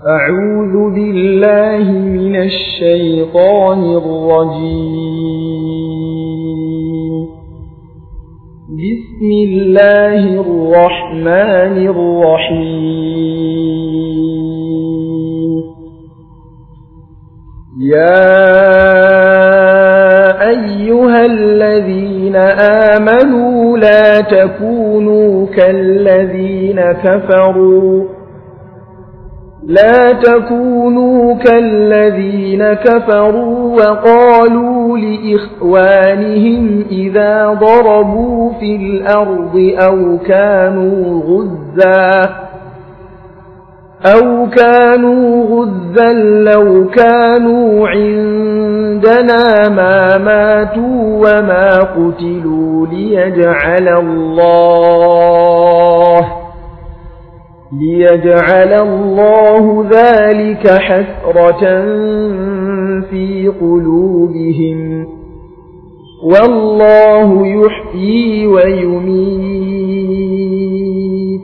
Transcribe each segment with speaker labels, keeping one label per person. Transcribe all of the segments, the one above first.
Speaker 1: أعوذ بالله من الشيطان الرجيم بسم الله الرحمن الرحيم يا أيها الذين آمنوا لا تكونوا كالذين كفروا لا تكونوا كالذين كفروا وقالوا لإخوانهم إذا ضربوا في الأرض أو كانوا غزاً أو كانوا غزا لو كانوا عندنا ما ماتوا وما قتلوا ليجعل الله ليجعل الله ذلك حسرة في قلوبهم والله يحيي ويميت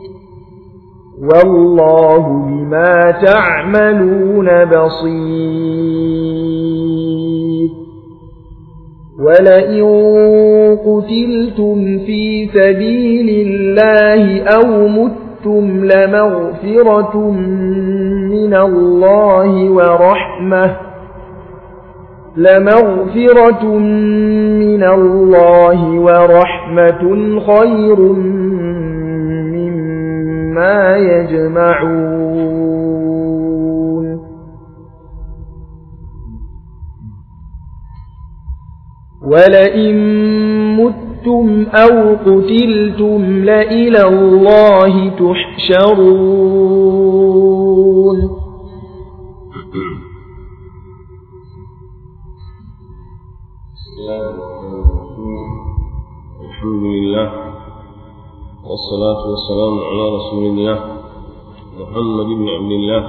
Speaker 1: والله بما تعملون بصير ولئن قتلتم في سبيل الله أو مت تُبْتُمْ لَمَغْفِرَةٌ مِنَ اللَّهِ وَرَحْمَةٌ لَمَغْفِرَةٌ مِنَ اللَّهِ وَرَحْمَةٌ خَيْرٌ مِمَّا يَجْمَعُونَ وَلَئِن مُتَّ متم أو قتلتم لإلى الله تحشرون
Speaker 2: الحمد لله والصلاة والسلام على رسول الله محمد بن عبد الله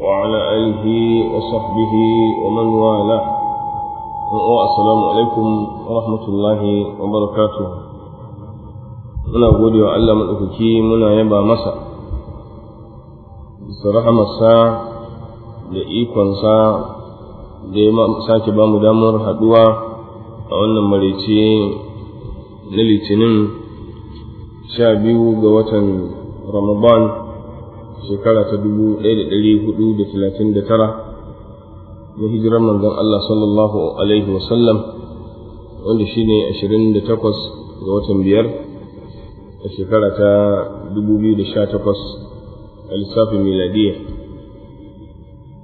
Speaker 2: وعلى آله وصحبه ومن والاه o assalamu alaikum warahmatullahi wabarakatuh muna gode wa allah maɗaukaki muna yaba masa bisa rahamarsa da ikonsa da ya sake ba mu damar haɗuwa a wannan marece na litinin sha biyu ga watan ramadan shekara ta dubu ɗaya da ɗari hudu da talatin da tara na hijirar manzon Allah sallallahu alaihi wasallam wanda shi ne 28 ga watan biyar a shekara ta 2018 a lissafin miladiyya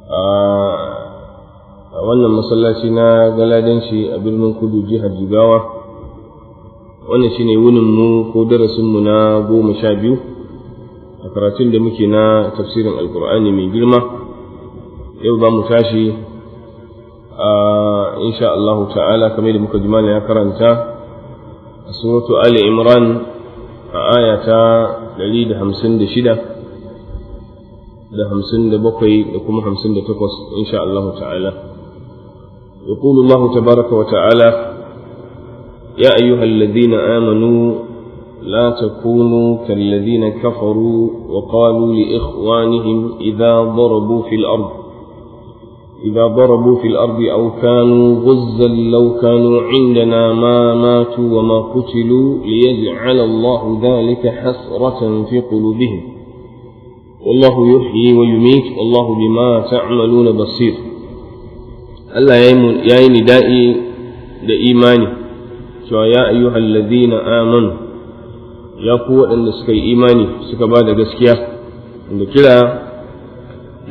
Speaker 2: a wannan masallaci na galadanci a birnin kudu jihar jigawa wannan shine wuninmu ko darasinmu na goma sha biyu a karatun da muke na tafsirin alkur'ani mai girma yau ba mu tashi insha Allah ta'ala kamar da muka jima ya karanta a suratu Ali Imran a aya ta 156 da 57 da تقص إن شاء الله تعالى يقول الله تبارك وتعالى يا أيها الذين آمنوا لا تكونوا كالذين كفروا وقالوا لإخوانهم إذا ضربوا في الأرض إذا ضربوا في الأرض أو كانوا غزا لو كانوا عندنا ما ماتوا وما قتلوا ليجعل الله ذلك حسرة في قلوبهم والله يحيي ويميت والله بما تعملون بصير ألا يا ندائي لإيماني يا أيها الذين آمنوا يا قوة أن إيماني سكبادة قسكيا عند كلا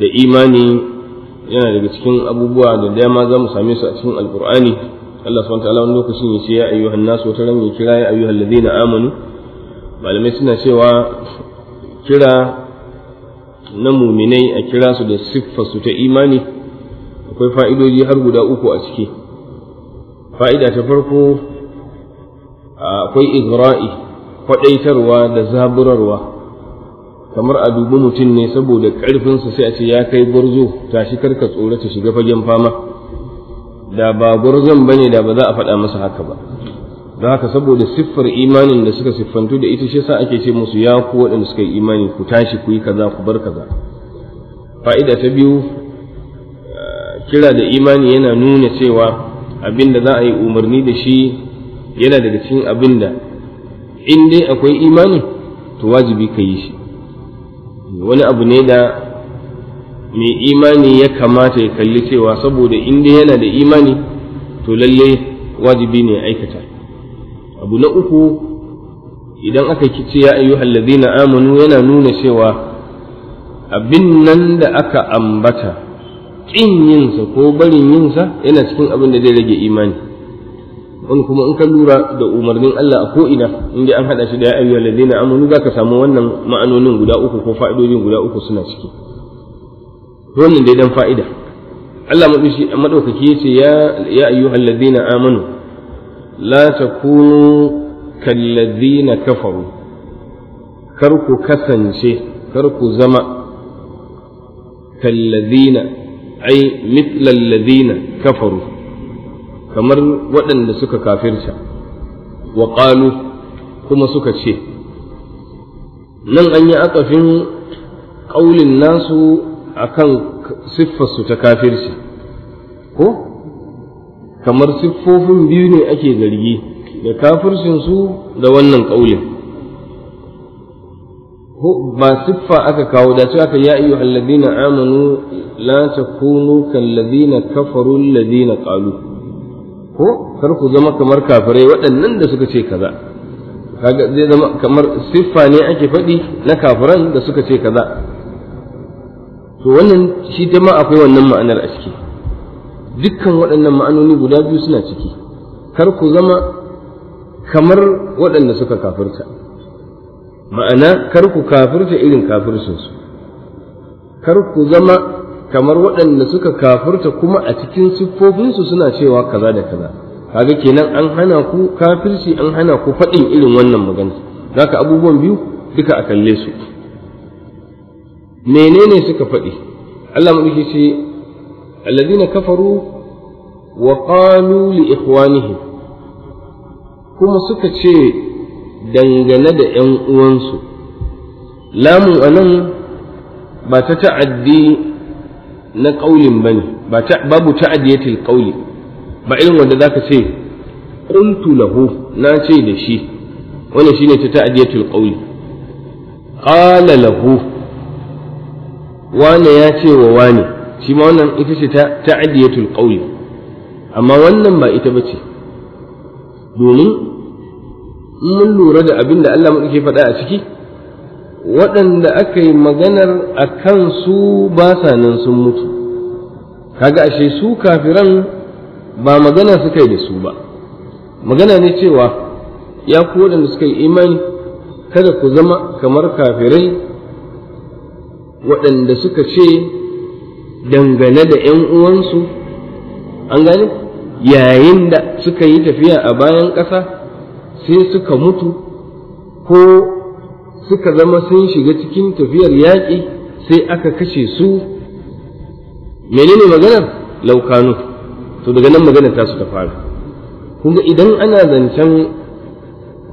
Speaker 2: لإيماني yana daga cikin abubuwa da dama za mu same su a cikin alkur'ani Allah subhanahu ta'ala wani lokacin ya ce ya ayyuhan nas wata ran ya kira ya ayyuhal ladina amanu malamai suna cewa kira na muminai a kira su da siffa su ta imani akwai fa'idoji har guda uku a ciki fa'ida ta farko akwai igra'i kwadaitarwa da zaburarwa kamar a dubi mutum ne saboda ƙarfinsa sai a ce ya kai gwarzo tashi karka tsora ta shiga fagen fama da ba gwarzon bane da ba za a faɗa masa haka ba don haka saboda siffar imanin da suka siffantu da ita shi yasa ake ce musu ya ku waɗanda suka yi imani ku tashi ku yi kaza ku bar kaza fa'ida ta biyu kira da imani yana nuna cewa abin da za a yi umarni da shi yana daga cikin abin da in dai akwai imani to wajibi ka yi shi wani abu ne da mai imani ya kamata ya kalli cewa saboda inda yana da imani to lalle wajibi ne aikata abu na uku idan aka kici ya ayyuhal ladina amanu yana nuna cewa abin nan da aka ambata ƙin yinsa ko barin yinsa yana cikin abin da zai rage imani wani kuma in ka lura da umarnin Allah a ko'ina in dai an haɗa shi da ya ayyuhal ladina amanu za ka samu wannan ma'anonin guda uku ko fa'idodin guda uku suna ciki wannan dai dan fa'ida Allah madaukaki ya ce ya ayyuhal ladina amanu la takunu kal ladina kafaru kar ku kasance kar ku zama kal ladina ai mithlal ladina kafaru kamar waɗanda suka kafirta wa ƙalu kuma suka ce nan an yi akafin ƙaulin nasu akan siffarsu ta kafirci ko kamar siffofin biyu ne ake zargi da kafircinsu da wannan ƙaulin ba siffa aka kawo da cewa aka ya ayyuhal ladina amanu la takunu kal ladina kafaru ladina qalu ko kar ku zama kamar kafirai waɗannan da suka ce kaza kaga zai zama kamar siffa ne ake faɗi na kafiran da suka ce kaza to wannan shi ta ma akwai wannan ma'anar a ciki dukkan waɗannan ma'anoni guda biyu suna ciki kar ku zama kamar waɗanda suka kafirta ma'ana kar ku kafirta irin kafircinsu kar ku zama kamar waɗanda suka kafurta kuma a cikin siffofinsu suna cewa kaza da kaza kaga kenan an hana ku kafirci an hana ku faɗin irin wannan magana zaka abubuwan biyu duka a kalle su menene suka faɗi Allah madaki ce alladhina kafaru wa qalu li ikhwanihim kuma suka ce dangane da ƴan uwansu lamun anan ba ta ta'addi na ƙaulin bane babu ta'adiyatil ƙauli ba irin wanda zaka ce qultu lahu na ce da shi wannan shine ta ta'adiyatul ƙauli qala lahu wane ya ce wa wane shi ma wannan ita ce ta ta'adiyatul ƙauli amma wannan ba ita bace domin mun lura da abin da Allah mu ke faɗa a ciki waɗanda aka yi maganar a kansu ba sa nan sun mutu kaga ashe su kafiran ba magana suka yi da su ba magana ne cewa ya ku waɗanda suka yi imani kada ku zama kamar kafirai waɗanda suka ce dangane da 'yan uwansu an gani yayin da suka yi tafiya a bayan ƙasa sai suka mutu ko suka zama sun shiga cikin tafiyar yaƙi sai aka kashe su menene maganar laukanu to daga nan maganar su ta fara kuma idan ana zancen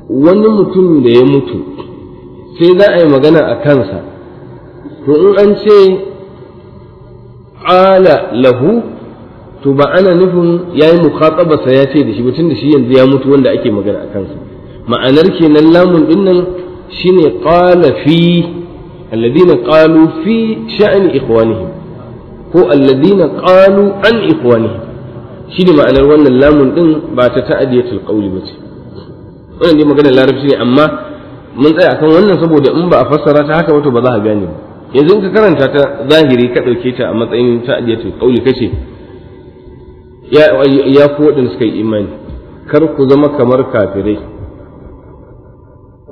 Speaker 2: wani mutum da ya mutu sai za a yi magana a kansa to in an ce ala lahu to ba ana nufin ya yi mukhatabarsa ya ce da shi mutum da shi yanzu ya mutu wanda ake magana a kansa ma'anar kenan lamun dinnan shine qala fi alladhina qalu fi sha'ni ikhwanihim ko alladhina qalu an ikhwanihim shine ma'anar wannan lamun din ba ta ta'diyatul qawli ba ce wannan dai maganar larabci ne amma mun tsaya akan wannan saboda in ba a fassara ta haka wato ba za a gane ba yanzu in ka karanta ta zahiri ka ɗauke ta a matsayin ta'diyatul qawli kace ya ya ku waɗanda suka yi imani kar ku zama kamar kafirai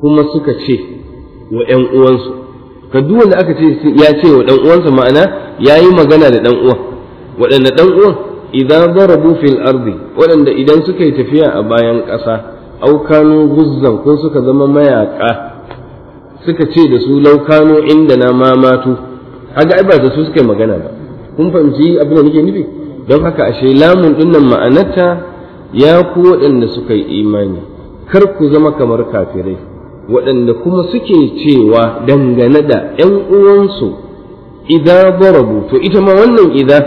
Speaker 2: kuma suka ce wa ‘yan uwansu ka duwan da aka ce ya ce wa ɗan uwansa ma'ana ya yi magana da ɗan uwan waɗanda ɗan uwan idan zarabu fil ardi waɗanda idan suka yi tafiya a bayan ƙasa aukanu guzzan ko suka zama mayaƙa suka ce da su laukano inda na mamatu haka ai ba da su suka yi magana ba kun fahimci abin da nake nufi don haka ashe lamun ɗinnan ma'anarta ya ku waɗanda suka yi imani kar ku zama kamar kafirai waɗanda kuma suke cewa dangane da ‘yan uwansu idan barabu to ita ma wannan idan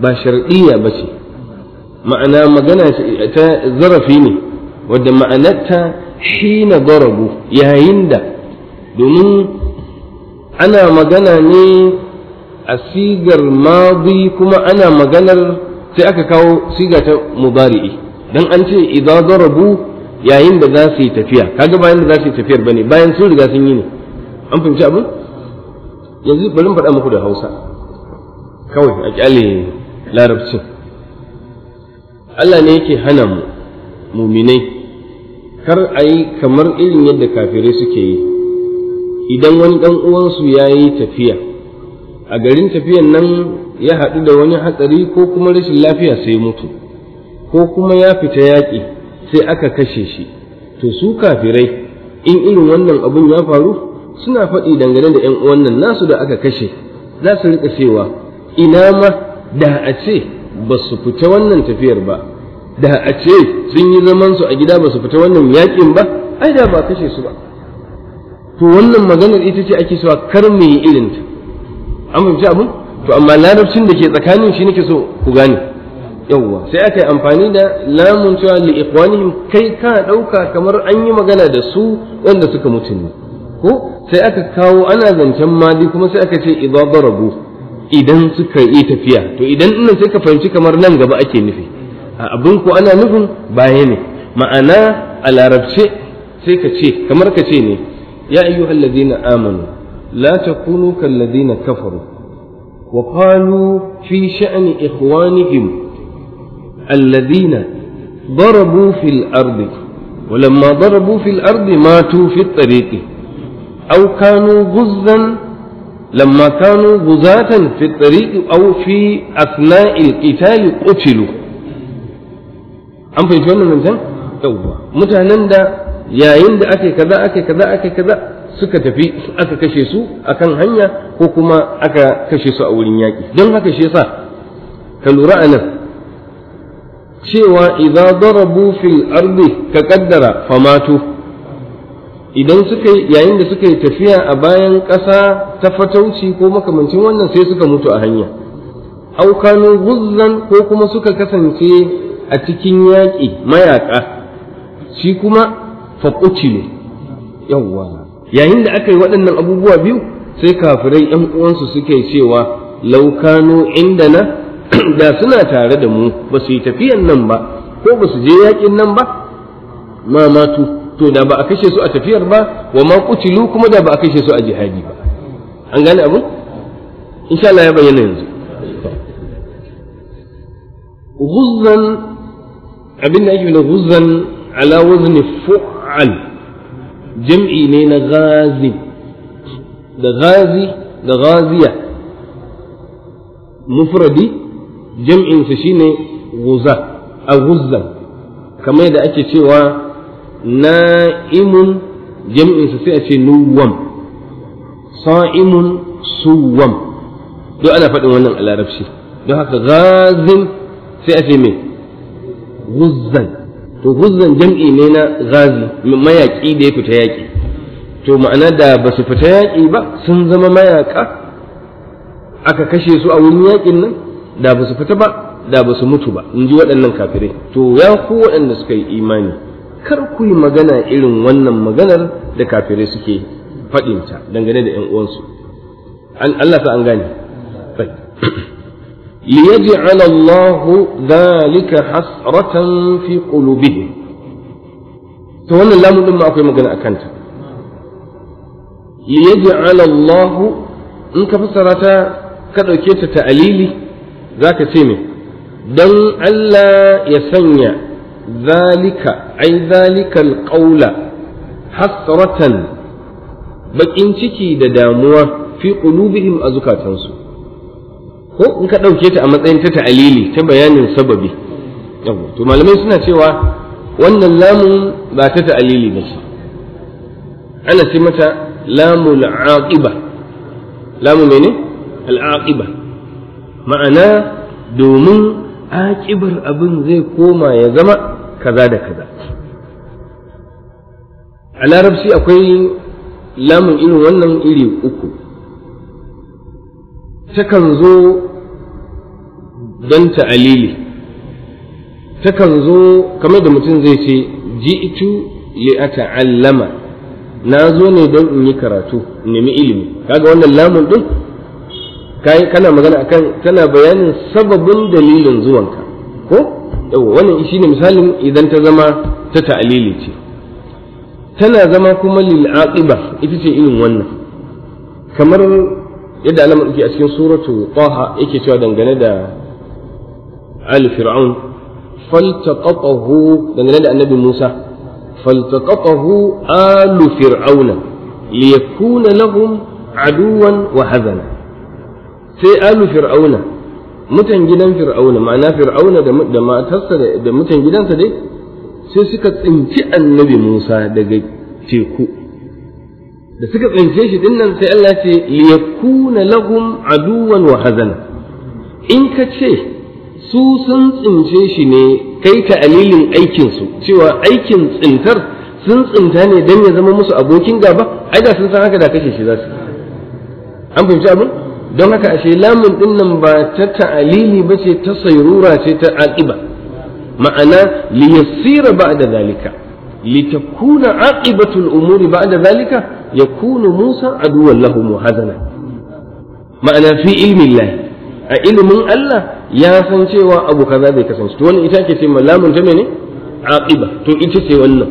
Speaker 2: ba shar'iyya ba ce ma'ana magana ta zarafi ne wadda ma'anarta shi na barabu yayin da domin ana magana ne a sigar mabi kuma ana maganar sai aka kawo siga ta mubari'i don an ce idan zarabu yayin da za su yi tafiya kaga bayan da za su yi tafiyar bane bayan sun riga sun yi ne an fahimci abin yanzu bari mu faɗa muku da Hausa kawai a kyale larabcin Allah ne yake hana mu muminai kar a yi kamar irin yadda kafirai suke yi idan wani ɗan uwansu ya yi tafiya a garin tafiyan nan ya haɗu da wani hatsari ko kuma rashin lafiya sai mutu ko kuma ya fita yaƙi sai aka kashe shi to su kafirai in irin wannan abun ya faru suna faɗi dangane da ‘yan uwannan nasu da aka kashe za su rika cewa ina ma da a ce ba su fita wannan tafiyar ba da a ce sun yi zamansu a gida ba su fita wannan yakin ba ai da ba kashe su ba to wannan maganar ita ce ake cewa kar me irinta an fahimci abin to amma larabcin da ke tsakanin shi nake so ku gane yawwa sai aka yi amfani da lamun cewa li ikwanihim kai ka dauka kamar an yi magana da su wanda suka mutu ne ko sai aka kawo ana zancen madi kuma sai aka ce idza idan suka yi tafiya to idan ina sai ka fahimci kamar nan gaba ake nufi abin ku ana nufin baya ne ma'ana a larabce sai ka ce kamar ka ce ne ya ayyuhal ladina amanu la takunu kal kafaru wa qalu fi sha'ni ikhwanihim الذين ضربوا في الأرض ولما ضربوا في الأرض ماتوا في الطريق أو كانوا غزا لما كانوا غزاة في الطريق أو في أثناء القتال قتلوا أم في الجنة من جنة؟ توبة متهنن يا يند أكي كذا أكي كذا أكي كذا سكت في aka كشيسو su a kan أكا كشيسو kuma aka kashe su كانوا wurin cewa idan darabu fil ardi ka kaddara famatu idan suka yayin da suka yi tafiya a bayan ƙasa ta fatauci ko makamancin wannan sai suka mutu a hanya aukanu guzzan ko kuma suka kasance a cikin yaƙi mayaƙa shi kuma faƙuci ne yawwa yayin da aka yi waɗannan abubuwa biyu sai kafirai ‘yan uwansu suke cewa laukano indana da suna tare da mu ba su yi tafiyan nan ba ko ba su je yakin nan ba ma matu to da ba a kashe su a tafiyar ba wa ma kutilu kuma da ba a kashe su a jihadi ba an gane abu insha Allah ya bayyana yanzu ghuzzan abin da ake da ghuzzan ala wazn fu'al jam'i ne na ghazi da ghazi da ghaziya mufradi jam'in su shine guza a guzzan kamar da ake cewa na'imun jam'in su sai a ce nuwam sa'imun suwam duk ana faɗin wannan a larabci don haka gazin sai a ce me guzzan to guzzan jam'i ne na gazi mayaƙi da ya fita yaƙi to ma'ana da ba su fita yaƙi ba sun zama mayaƙa aka kashe su a wurin yaƙin nan da ba su fita ba da ba su mutu ba in ji waɗannan kafirai to ya ku waɗanda suka yi imani kar ku yi magana irin wannan maganar da kafirai suke faɗinta dangane da ‘yan uwansu Allah sa an gane yaj'ala Allah ذلك hasratan fi قلوبهم to wannan lamun din ma akwai magana a kanta yaj'ala Allah in ka fassara ta ka dauke ta ta'alili za ka ce ne don Allah ya sanya zalika ai zalikan ƙaula hasratan baƙin ciki da damuwa fi qulubihim a zukatansu ko in ka ɗauke ta a matsayin ta ta'alili ta bayanin sababi to malamai suna cewa wannan lamun ba ta ta'alili ba ce ana ce mata lamul aqiba lamu mene al aqiba ma'ana domin aƙibar abin zai koma ya zama kaza da kaza a larabci akwai lamun irin wannan iri uku takan zo don ta'alili takan zo kamar da mutum zai ce ji'itu li ata'allama na zo ne don in yi karatu nemi ilimi kaga wannan lamun din kai kana magana akan kana bayanin sababin dalilin zuwanka ko wannan shine misalin idan ta zama ta ta'alili ce tana zama kuma lil aqiba ita ce irin wannan kamar yadda Allah madauki a cikin suratu Taha yake cewa dangane da al fir'aun faltaqatahu dangane da annabi Musa faltaqatahu alu fir'auna liyakuna lahum aduwan wa hazana sai alu fir'auna mutan gidan fir'auna ma'ana fir'auna da matarsa da mutan gidansa dai sai suka tsinci annabi musa daga teku da suka tsince shi dinnan sai Allah ce yakuna lahum aduwan wa hazana in ka ce su sun tsince shi ne kai ta alilin aikinsu cewa aikin tsintar sun tsinta ne dan ya zama musu abokin gaba ai da sun san haka da kashe shi za an fahimci abin don haka ashe lamun din nan ba ta ta'alili ba ce ta sayrura ce ta aqiba ma'ana li yassira ba'da zalika litakuna aqibatul umuri ba'da zalika yakunu Musa aduwwan lahum hazana ma'ana fi ilmi Allah a ilimin Allah ya san cewa abu kaza zai kasance to wannan ita ke ce lamun ta mene aqiba to ita ce wannan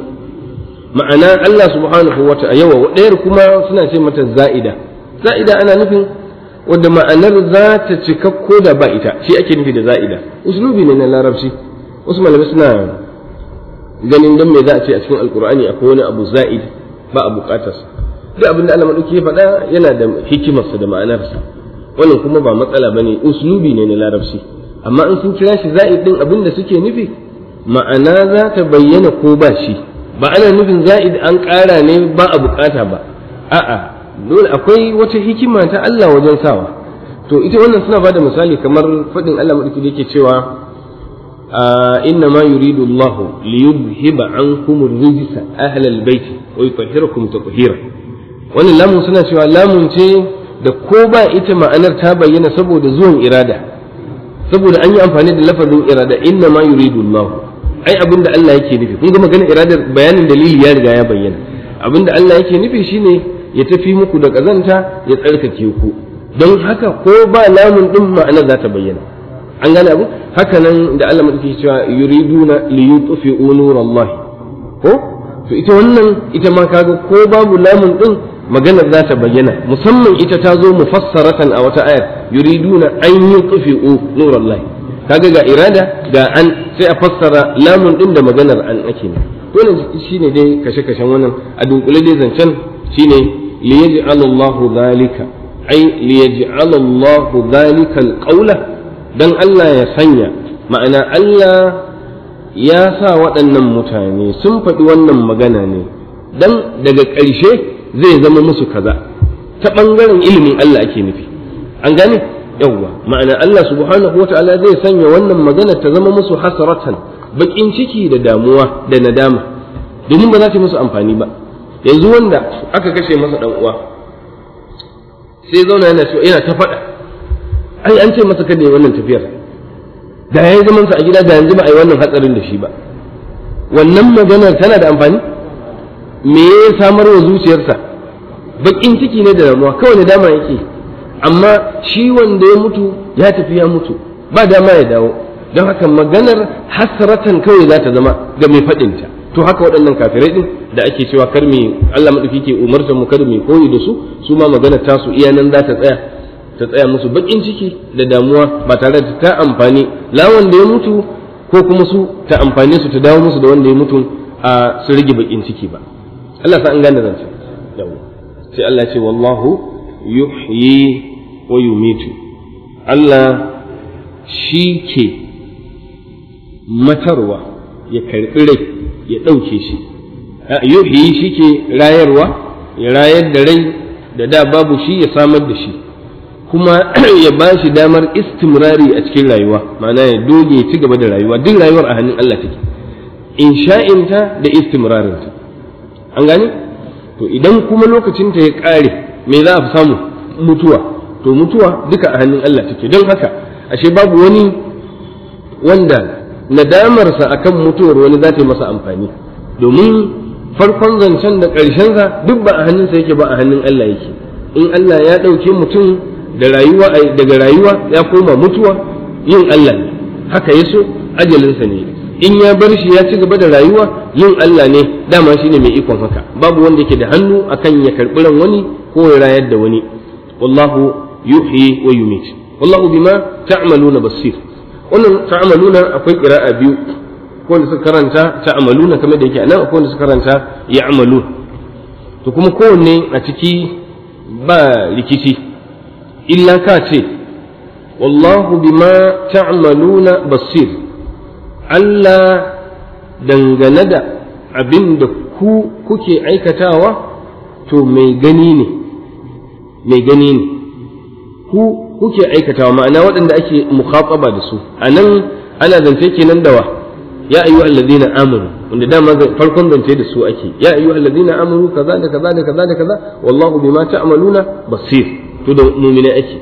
Speaker 2: ma'ana Allah subhanahu wa ta'ala yawa kuma suna ce mata za'ida za'ida ana nufin wadda ma'anar za ta cika ko da ba ita shi ake nufi da za'ida uslubi ne na larabci wasu malamai suna ganin don me za a ce a cikin alkur'ani akwai wani abu za'id ba a sa. duk abin da Allah ke faɗa yana da hikimarsa da ma'anarsa wannan kuma ba matsala bane uslubi ne na larabci amma in sun kira shi za'id din abin da suke nufi ma'ana za ta bayyana ko ba shi ba ana nufin za'id an ƙara ne ba a bukata ba a'a dole akwai wata hikima ta Allah wajen sawa to ita wannan suna bada misali kamar faɗin Allah madaki da yake cewa inna ma yuridu Allah li yudhhiba ankum ar-rijsa ahli al-bayt wa yutahhirakum tatheera wannan lamun suna cewa lamun ce da ko ba ita ma'anar ta bayyana saboda zuwan irada saboda an yi amfani da lafazin irada inna ma yuridu Allah ai abinda Allah yake nufi kun ga maganar iradar bayanin dalili ya riga ya bayyana abinda Allah yake nufi shine ya tafi muku da ƙazanta ya tsarkake ku don haka ko ba lamun ɗin ma'anar za ta bayyana an gane abu haka nan da Allah madauki cewa yuriduna li yutfi'u nurallahi ko to ita wannan ita ma kaga ko babu lamun ɗin maganar za ta bayyana musamman ita ta zo mufassaratan a wata ayar yuriduna an yutfi'u nurallahi kaga ga irada da an sai a fassara lamun ɗin da maganar an ake ne shi shine dai kashe-kashen wannan a dunkule dai zancen shine liyaj'al Allah zalika ai liyaj'al Allah zalika alqawla dan Allah ya sanya ma'ana Allah ya sa waɗannan mutane sun faɗi wannan magana ne dan daga ƙarshe zai zama musu kaza ta ɓangaren ilimin Allah ake nufi an gane yawwa ma'ana Allah subhanahu wata'ala zai sanya wannan magana ta zama musu hasaratan bakin ciki da damuwa da nadama domin ba za ta musu amfani ba yanzu wanda aka kashe masa dan uwa sai zauna yana cewa yana ta faɗa ai an ce masa kada wannan tafiyar da yayin zaman sa a gida da yanzu ba ai wannan hatsarin da shi ba wannan maganar tana da amfani me ya samar wa zuciyarsa bakin ciki ne da damuwa kawai da dama yake amma shi wanda ya mutu ya tafi ya mutu ba dama ya dawo don haka maganar hasratan kawai za ta zama ga mai faɗinta to haka waɗannan kafirai din da ake cewa kar mu Allah madauki ke umartar mu kar mu koyi da su su ma magana ta su iya nan za ta tsaya ta tsaya musu bakin ciki da damuwa ba tare da ta amfani la wanda ya mutu ko kuma su ta amfane su ta dawo musu da wanda ya mutu a su rage bakin ciki ba Allah sa an gane zance yawa sai Allah ce wallahu yuhyi wa yumitu Allah shi ke matarwa ya karɓi rai ya ɗauke shi yuhyi shi ke rayarwa ya rayar da rai da da babu shi ya samar da shi kuma ya ba shi damar istimrari a cikin rayuwa ma'ana ya doge ci gaba da rayuwa duk rayuwar a hannun Allah take sha'inta da istimrarinta an gane to idan kuma lokacinta ya ƙare me za a samu mutuwa to mutuwa duka a hannun Allah take don haka ashe babu wani wanda nadamarsa akan mutuwar wani za ta yi masa amfani domin farkon zancen da ƙarshensa duk ba a hannunsa yake ba a hannun Allah yake in Allah ya ɗauke mutum da rayuwa daga rayuwa ya koma mutuwa yin Allah ne haka yaso ajalinsa ne in ya bar shi ya ci gaba da rayuwa yin Allah ne dama shine mai ikon haka babu wanda yake da hannu akan ya karɓi ran wani ko ya rayar da wani wallahu yuhyi wa yumit wallahu bima ta'maluna basir wannan ta'maluna akwai qira'a biyu ko wanda suka karanta ta na kamar da yake a nan ko wanda suka karanta ya amalu to kuma kowanne a ciki ba rikici illa ka ce wallahu bima ta'maluna basir Allah dangane da abin da ku kuke aikatawa to mai gani ne mai gani ne ku kuke aikatawa ma'ana waɗanda ake mukhataba da su anan ana zance kenan da wa ya ayyuha alladhina amanu wanda dama farkon zance da su ake ya ayyuha alladhina amanu kaza da kaza da kaza da kaza wallahu bima ta'maluna basir to da mu'mina ake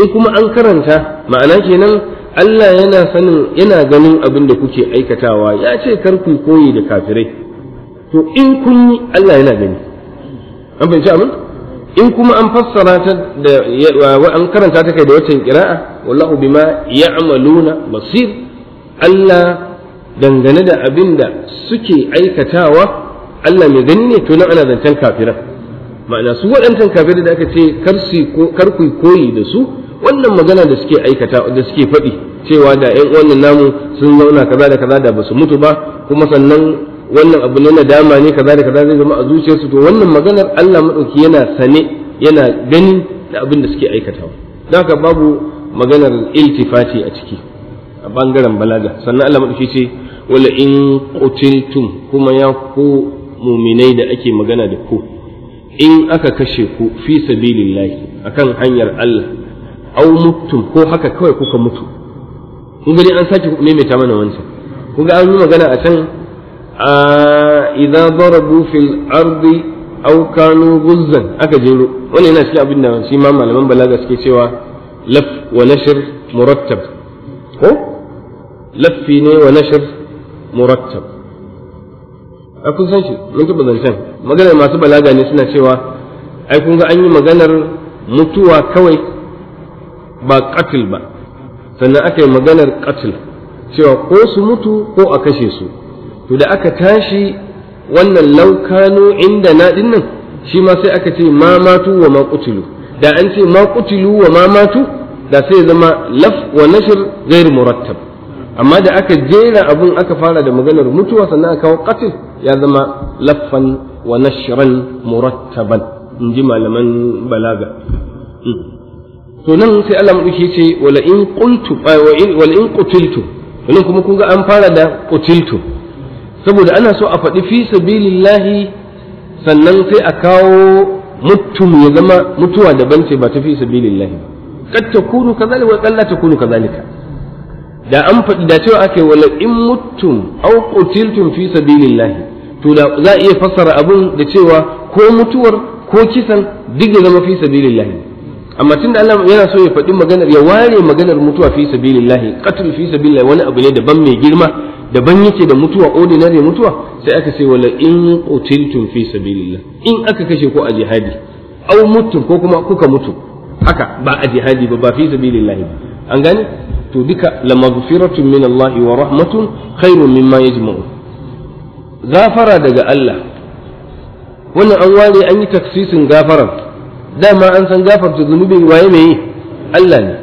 Speaker 2: in kuma an karanta ma'ana kenan Allah yana sanin yana ganin abin da kuke aikatawa ya ce kar ku koyi da kafirai to in kun yi Allah yana gani an fahimci abin in kuma an fassara ta da an karanta ta kai da wacce kira'a wallahu bima ya'maluna basir Allah dangane da abin da suke aikatawa Allah mai gani ne to na ana zancen kafiran ma'ana su waɗancan kafirai da aka ce kar ku koyi da su wannan magana da suke aikata da suke faɗi cewa da ƴan wannan namu sun zauna kaza da kaza da ba su mutu ba kuma sannan wannan abu ne na dama ne kaza da kaza zai zama a zuciyarsu to wannan maganar Allah madauki yana sane yana gani da abin da suke aikatawa don haka babu maganar iltifati a ciki a bangaren balaga sannan Allah madauki ce wala in qutiltum kuma ya ku muminai da ake magana da ku in aka kashe ku fi sabilillahi akan hanyar Allah au mutum ko haka kawai kuka mutu kun gani an sake maimaita mana wancan kun ga an yi magana a can idza darabu fil ardi aw kanu guzzan aka jero wannan yana cikin abin da shi ma malaman balaga suke cewa laf wa nashr murattab ko laffi ne wa nashr murattab a kun san shi mun taɓa zancen maganar masu balaga ne suna cewa ai kun ga an yi maganar mutuwa kawai ba katil ba sannan aka yi maganar katil cewa ko su mutu ko a kashe su to da aka tashi wannan laukano inda na dinnan shi ma sai aka ce ma matu wa ma kutulu da an ce ma kutulu wa ma matu da sai zama laf wa nashr ghairu murattab amma da aka jera abin aka fara da maganar mutuwa sannan aka kawo qatil ya zama laffan wa nashran murattaban in ji malaman balaga hmm. to nan sai Allah madauki ce wala in qultu wala in qutiltu nan kuma kun ga an fara da qutiltu saboda ana so a faɗi fi sabilillahi sannan sai a kawo mutum ya zama mutuwa daban ce ba ta fi sabilillahi ba kad takunu kazalika wa qalla takunu kazalika da an faɗi da cewa ake wala in mutum au qutiltum fi sabilillah to da za iya fassara abun da cewa ko mutuwar ko kisan duk zama fi sabilillah amma tunda Allah yana so ya faɗi maganar ya ware maganar mutuwa fi sabilillah qatl fi sabilillah wani abu ne daban mai girma daban yake da mutuwa ordinary mutuwa sai aka ce wala in qutiltum fi sabilillah in aka kashe ko a jihadi au mutum ko kuma kuka mutu haka ba a jihadi ba ba fi sabilillah ba an gani to duka la maghfiratun min Allah wa rahmatun khairun mimma yajma'un gafara daga Allah wannan an ware an yi taksisin gafaran dama an san gafarta zunubin waye mai Allah ne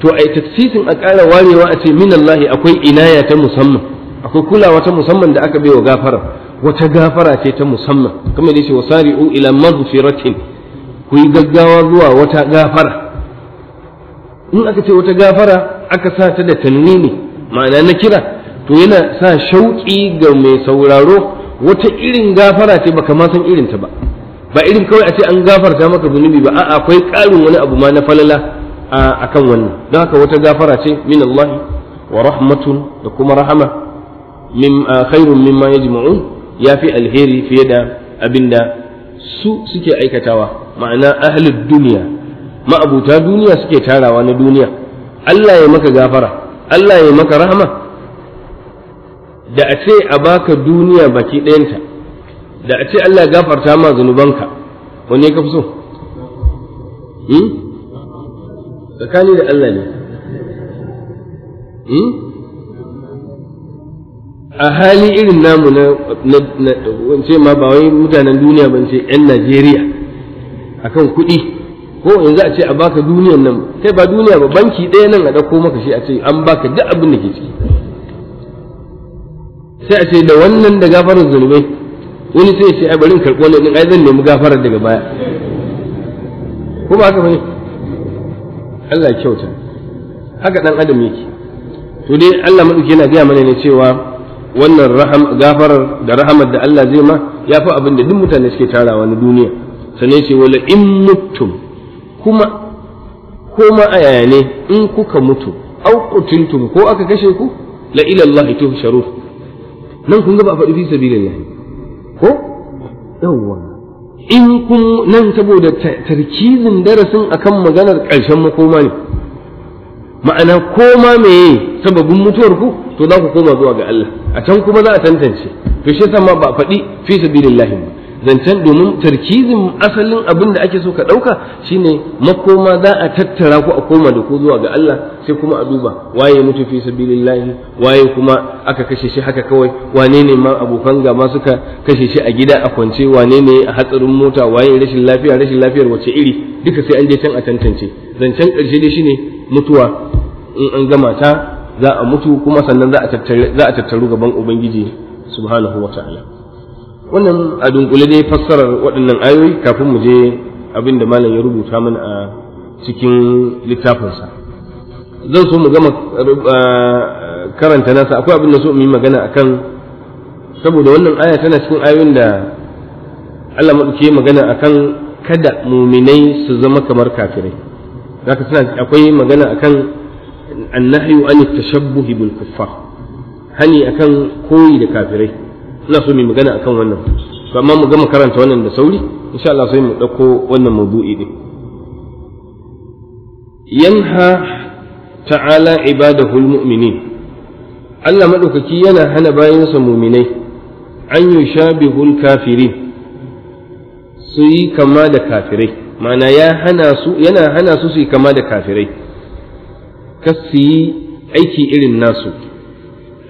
Speaker 2: to ai taksisin a ƙara warewa a ce min Allah akwai inaya ta musamman akwai kulawa ta musamman da aka bai wa gafara wata gafara ce ta musamman kamar da yace wasari'u ila maghfiratin ku yi gaggawa zuwa wata gafara in aka ce wata gafara aka sa ta da tanwini ma'ana na kira to yana sa shauƙi ga mai sauraro wata irin gafara ce baka ma san irin ta ba ba irin kawai a ce an gafarta maka zunubi ba a akwai ƙarin wani abu ma na falala akan wannan don haka wata gafara ce min Allah wa rahmatun da kuma rahama min khairun mimma yajma'un ya fi alheri fiye da abinda su suke aikatawa ma'ana ahlud duniya ma'abuta duniya suke tarawa na duniya Allah ya maka gafara Allah ya maka rahama da a ce a baka duniya baki ɗayanta da a ce Allah ya gafarta ma zunubanka wani ka fi so hmm? tsakani da Allah ne hmm? a hali irin namu na wance ma ba wai mutanen duniya ban ce 'yan Najeriya akan kuɗi ko yanzu a ce a baka duniyan nan kai ba duniya ba banki ɗaya nan a ɗauko maka shi a ce an baka duk abin da ke ciki sai a ce da wannan da gafarar zunubai wani sai ce a bari karɓo ne ai zan nemi gafarar daga baya ko ba haka ne? Allah kyauta haka dan adam yake to dai Allah madauki yana gaya mana ne cewa wannan raham gafarar da rahamar da Allah zai ma ya fi abin da duk mutane suke tarawa na duniya sannan ce wala in mutum kuma kuma a yaya in kuka mutu au kutuntum ko aka kashe ku la ila Allah tuhsharun nan kun ga ba faɗi fi sabilillah ko yawwa in kun nan saboda tarkizin darasin akan maganar ƙarshen makoma ne ma'ana koma meye sababin mutuwar ku to za ku koma zuwa ga Allah a can kuma za a tantance to shi yasa ma ba faɗi fi sabilillah ba zancen domin tarkizin asalin abin da ake so ka ɗauka shine makoma za a tattara ku a koma da ku zuwa ga Allah sai kuma a duba waye mutu fi sabilillahi waye kuma aka kashe shi haka kawai wane ne ma abokan gama suka kashe shi a gida a kwance wane ne a hatsarin mota waye rashin lafiya rashin lafiyar wace iri duka sai an je can a tantance zancen ƙarshe dai shine mutuwa in an gama ta za a mutu kuma sannan za a tattaru gaban ubangiji subhanahu wa ta'ala wannan a dunkule dai fassarar waɗannan ayoyi kafin mu je abin da malam ya rubuta mana a cikin littafinsa zan so mu gama karanta nasa akwai abin da so mu yi magana akan saboda wannan aya tana cikin ayoyin da Allah ke magana akan kada muminai su zama kamar kafirai zaka suna akwai magana akan annahyu an tashabbuhi bil kuffar hani akan koyi da kafirai ina so mu magana akan wannan to amma mu gama karanta wannan da sauri insha Allah sai mu dauko wannan mabu'i din yanha ta'ala ibadahul mu'minin Allah madaukaki yana hana bayansa mu'minai an yushabihu kafirin su yi kama da kafirai mana ya hana su yana hana su su yi kama da kafirai kas su aiki irin nasu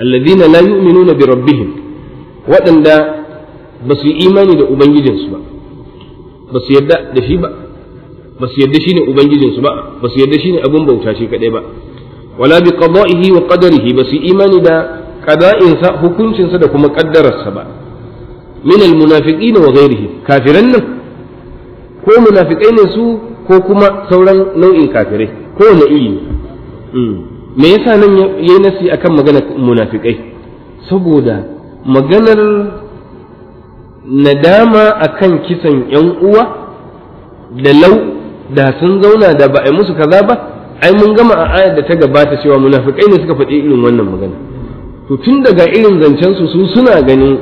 Speaker 2: alladhina la yu'minuna bi rabbihim waɗanda ba su yi imani da ubangijinsu ba ba su yarda da shi ba ba su yarda shi ne ubangijinsu ba ba su yarda shi ne abin bauta shi kaɗai ba wala bi qada'ihi wa qadarihi ba su yi imani da ƙada'insa, hukuncinsa da kuma kaddararsa ba min al munafiqin wa ghairihi kafiran nan ko munafikai ne su ko kuma sauran nau'in kafirai ko na iri hmm. me yasa nan yayi nasi akan maganar munafikai saboda maganar nadama a kan kisan yan uwa da lau da sun zauna da ba a musu kaza ba ai mun gama a ayar da ta gabata cewa munafikai ne suka faɗi irin wannan magana to tun daga irin zancen su su suna ganin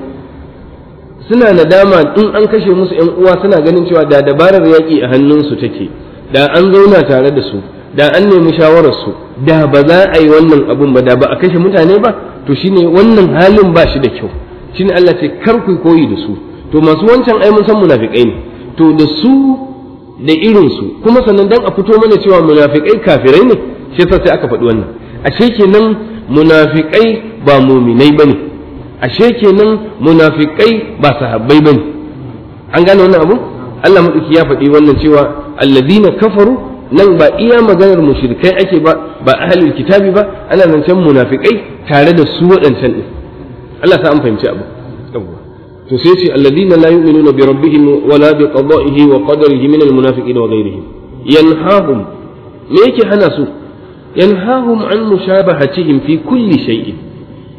Speaker 2: suna nadama in an kashe musu yan uwa suna ganin cewa da dabarar yaƙi a hannunsu take da an zauna tare da su da an nemi shawararsu da ba za a yi wannan abun ba da ba a kashe mutane ba to shine wannan halin ba shi da kyau shine Allah ce kar ku koyi da su to masu wancan ai mun san munafikai ne to da su da irinsu kuma sannan dan a fito mana cewa munafikai kafirai ne shi yasa sai aka faɗi wannan ashe kenan munafikai ba muminai bane ashe kenan munafikai ba sahabbai bane an gane wannan abu Allah madauki ya faɗi wannan cewa alladhina kafaru nan ba iya maganar mushrikai ake ba ba ahlul kitabi ba ana can munafikai tare da su waɗancan din Allah sa an fahimci abu to sai ce alladina la yu'minuna bi rabbihim wala bi qada'ihi wa qadarihi min al munafiqin wa ghayrihim yanhahum me yake hana su yanhahum an mushabahatihim fi kulli shay'in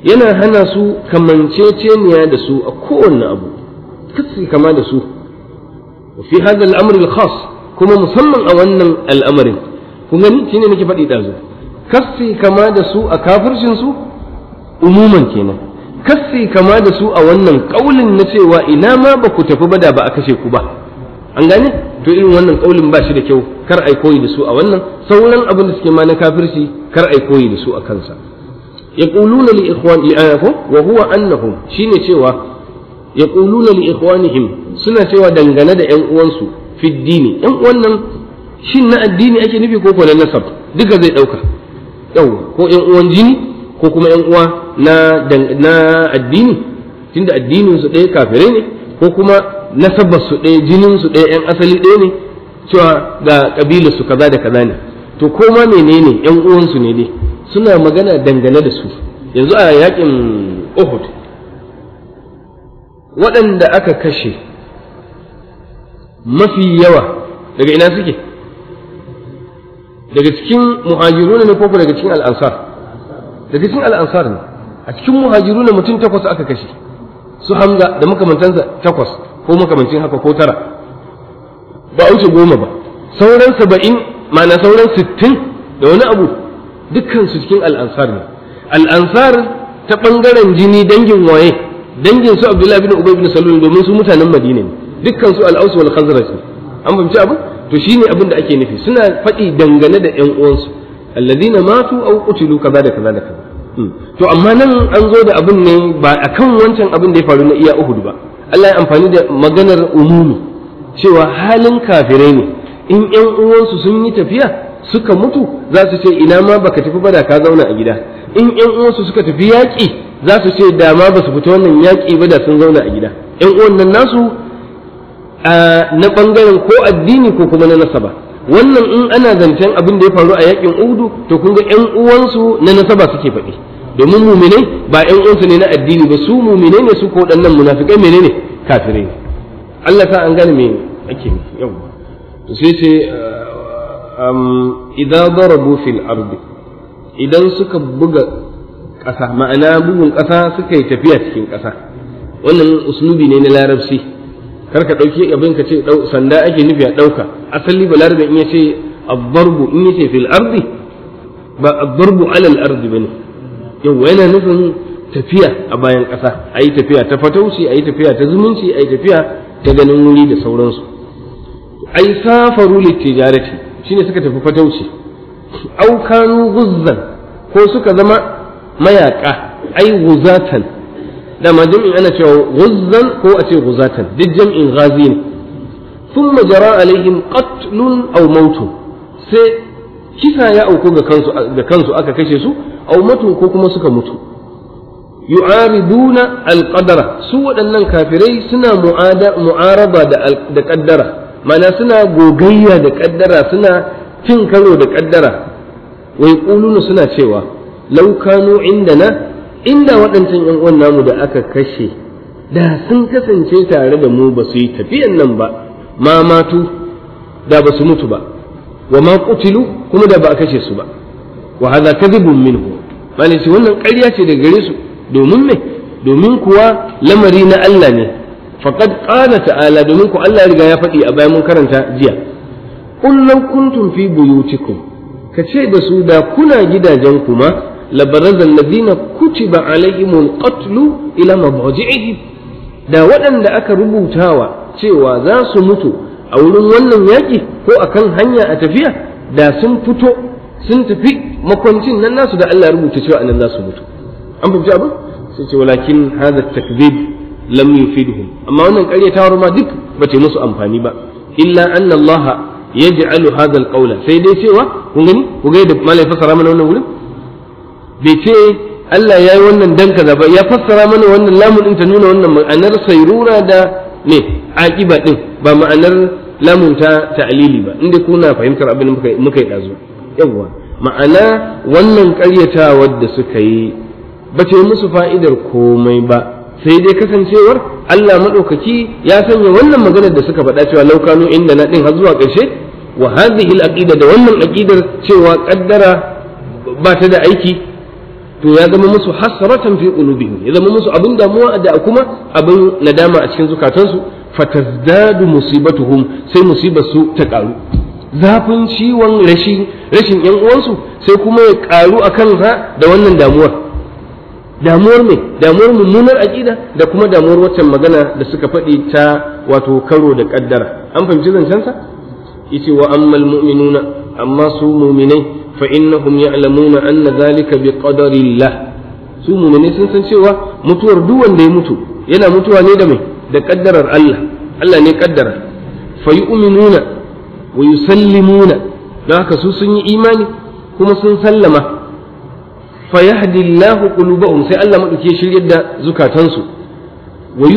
Speaker 2: yana hana su kamanceceniya da su a kowanne abu kasi kama da su وفي amr الأمر الخاص kuma musamman a wannan al'amarin ku gani shine nake faɗi ɗazu kassi kama da su a kafircin su umuman kenan kassi kama da su a wannan kaulin na cewa ina ma ba ku tafi bada ba a kashe ku ba an gane to irin wannan kaulin ba shi da kyau kar ai koyi da su a wannan sauran abin da suke ma na kafirci kar ai koyi da su a kansa yaquluna li ikhwan li ayahum wa huwa annahum shine cewa yaquluna li ikhwanihim suna cewa dangane da ƴan uwansu fi dini in wannan shin na addini ake nufi ko ko na nasab duka zai ɗauka? yau ko ƴan uwan jini ko kuma ƴan uwa na addini addini tunda addinin su ɗaya kafire ne ko kuma nasabar su ɗaya jinin su ɗaya 'yan asali ɗaya ne cewa ga kabilar su kaza da kaza ne to ko ma menene 'yan'uwansu uwan su ne dai suna magana dangane da su yanzu a yakin Uhud waɗanda aka kashe mafi yawa daga ina suke daga cikin muhajiruna ne koko daga cikin al'ansar daga cikin al'ansar ne a cikin muhajiruna mutum takwas aka kashe su hamza da makamantansa takwas ko makamancin haka ko tara ba a wuce goma ba sauran saba'in ma'ana sauran sittin da wani abu dukkan su cikin al'ansar ne al'ansar ta ɓangaren jini dangin waye dangin su abdullahi bin ubay bin salul domin su mutanen madina ne dukkan su al wal khazraj an fahimci abu to shine abin da ake nufi suna faɗi dangane da ƴan uwansu alladhina matu aw qutilu kaza da kaza da kaza hmm. to amma nan an zo da abin ne ba akan wancan abin da ya faru na iya Uhud ba Allah ya amfani da maganar umumi cewa halin kafirai ne in ƴan uwansu sun yi tafiya suka mutu za su ce ina ma baka tafi ba da ka zauna a gida in ƴan uwansu suka tafi yaƙi za su ce da ma ba su fita wannan yaƙi ba da sun zauna a gida ƴan uwan nan nasu na bangaren ko addini ko kuma na nasaba wannan in ana zancen abin da ya faru a yakin udu, to kun ga ƴan uwansu na nasaba suke faɗi domin muminai ba ƴan uwansu ne na addini ba su muminai ne su ko nan munafikai menene kafirai ne Allah ta an gane me ake nufi yawa to sai ce idan darabu fil ardi idan suka buga ƙasa ma'ana bugun ƙasa suka yi tafiya cikin ƙasa wannan usnubi ne na larabci kar ka ɗauki abin ka ce sanda ake nufi a ɗauka asali balarabe in ya ce abbarbu in ya ce fil ardi ba abbarbu alal ardi ba ne yau yana nufin tafiya a bayan ƙasa Ayi tafiya ta fatauci a yi tafiya ta zumunci a yi tafiya ta ganin wuri da sauransu ai safaru tijarati shine suka tafi fatauci au kanu guzzan ko suka zama mayaka ai guzatan dama jami'i ana cewa guzzan ko a ce guzatan duk jami'in ghazi ne thumma jara alaihim qatlun aw mautu sai kisa ya auku ga kansu ga kansu aka kashe su aw mutu ko kuma suka mutu yu'ariduna alqadara su waɗannan kafirai suna mu'araba da ƙaddara mana suna gogayya da ƙaddara suna cin karo da ƙaddara wai ƙuluna suna cewa laukanu indana inda waɗancan yan uwan namu da aka kashe da sun kasance tare da mu ba su yi tafiyan nan ba ma matu da ba su mutu ba wa ma kutilu kuma da ba a kashe su ba wa hadha kadhibun minhu bane shi wannan ƙarya ce daga gare su domin me domin kuwa lamari na Allah ne faqad qala ta'ala domin ku Allah ya riga ya faɗi a bayan mun karanta jiya qul kuntum fi buyutikum kace da su da kuna gidajen kuma labaraza alladhina kutiba alaihimul qatlu ila mabji'ihim da waɗanda aka rubutawa cewa za su mutu a wurin wannan yaƙi ko akan hanya a tafiya da sun fito sun tafi makwancin nan nasu da Allah rubuta cewa nan za su mutu an fahimci abin sai ce walakin hadha takzib lam yufidhum amma wannan ƙaryatawar ma duk ba ta musu amfani ba illa anna Allah yaj'alu hadha alqawla sai dai cewa kun gani ku ga da malai fasara mana wannan wurin bai ce Allah ya yi wannan dan kaza ba ya fassara mana wannan lamun din ta nuna wannan ma'anar sairura da ne aqiba din ba ma'anar lamun ta ta'lili ba inda kuna fahimtar abin muka yi dazu yawwa ma'ana wannan ƙaryatawar da suka yi ba ce musu fa'idar komai ba sai dai kasancewar Allah maɗaukaki ya sanya wannan maganar da suka faɗa cewa laukanu inda na ɗin har zuwa ƙarshe wa hadhihi al-aqida da wannan aqidar cewa ƙaddara ba ta da aiki to ya zama musu hasratan fi qulubihim ya zama musu abin damuwa da kuma abin nadama a cikin zukatansu fatazdadu musibatuhum sai musibar su ta karu zafin ciwon rashin rashin yan uwansu sai kuma ya karu akan ha da wannan damuwar damuwar me damuwar mummunar aqida da kuma damuwar waccan magana da suka faɗi ta wato karo da kaddara an fahimci zancen sa yace wa ammal mu'minuna amma su mu'minai fa innahum ya'lamuna anna zalika bi qadarillah su mu'mini sun san cewa mutuwar duk wanda ya mutu yana mutuwa ne da mai da kaddarar Allah Allah ne kaddara fa yu'minuna wa yusallimuna don haka su sun yi imani kuma sun sallama fa yahdi Allahu qulubahum sai Allah madauke shiryar da zukatansu wa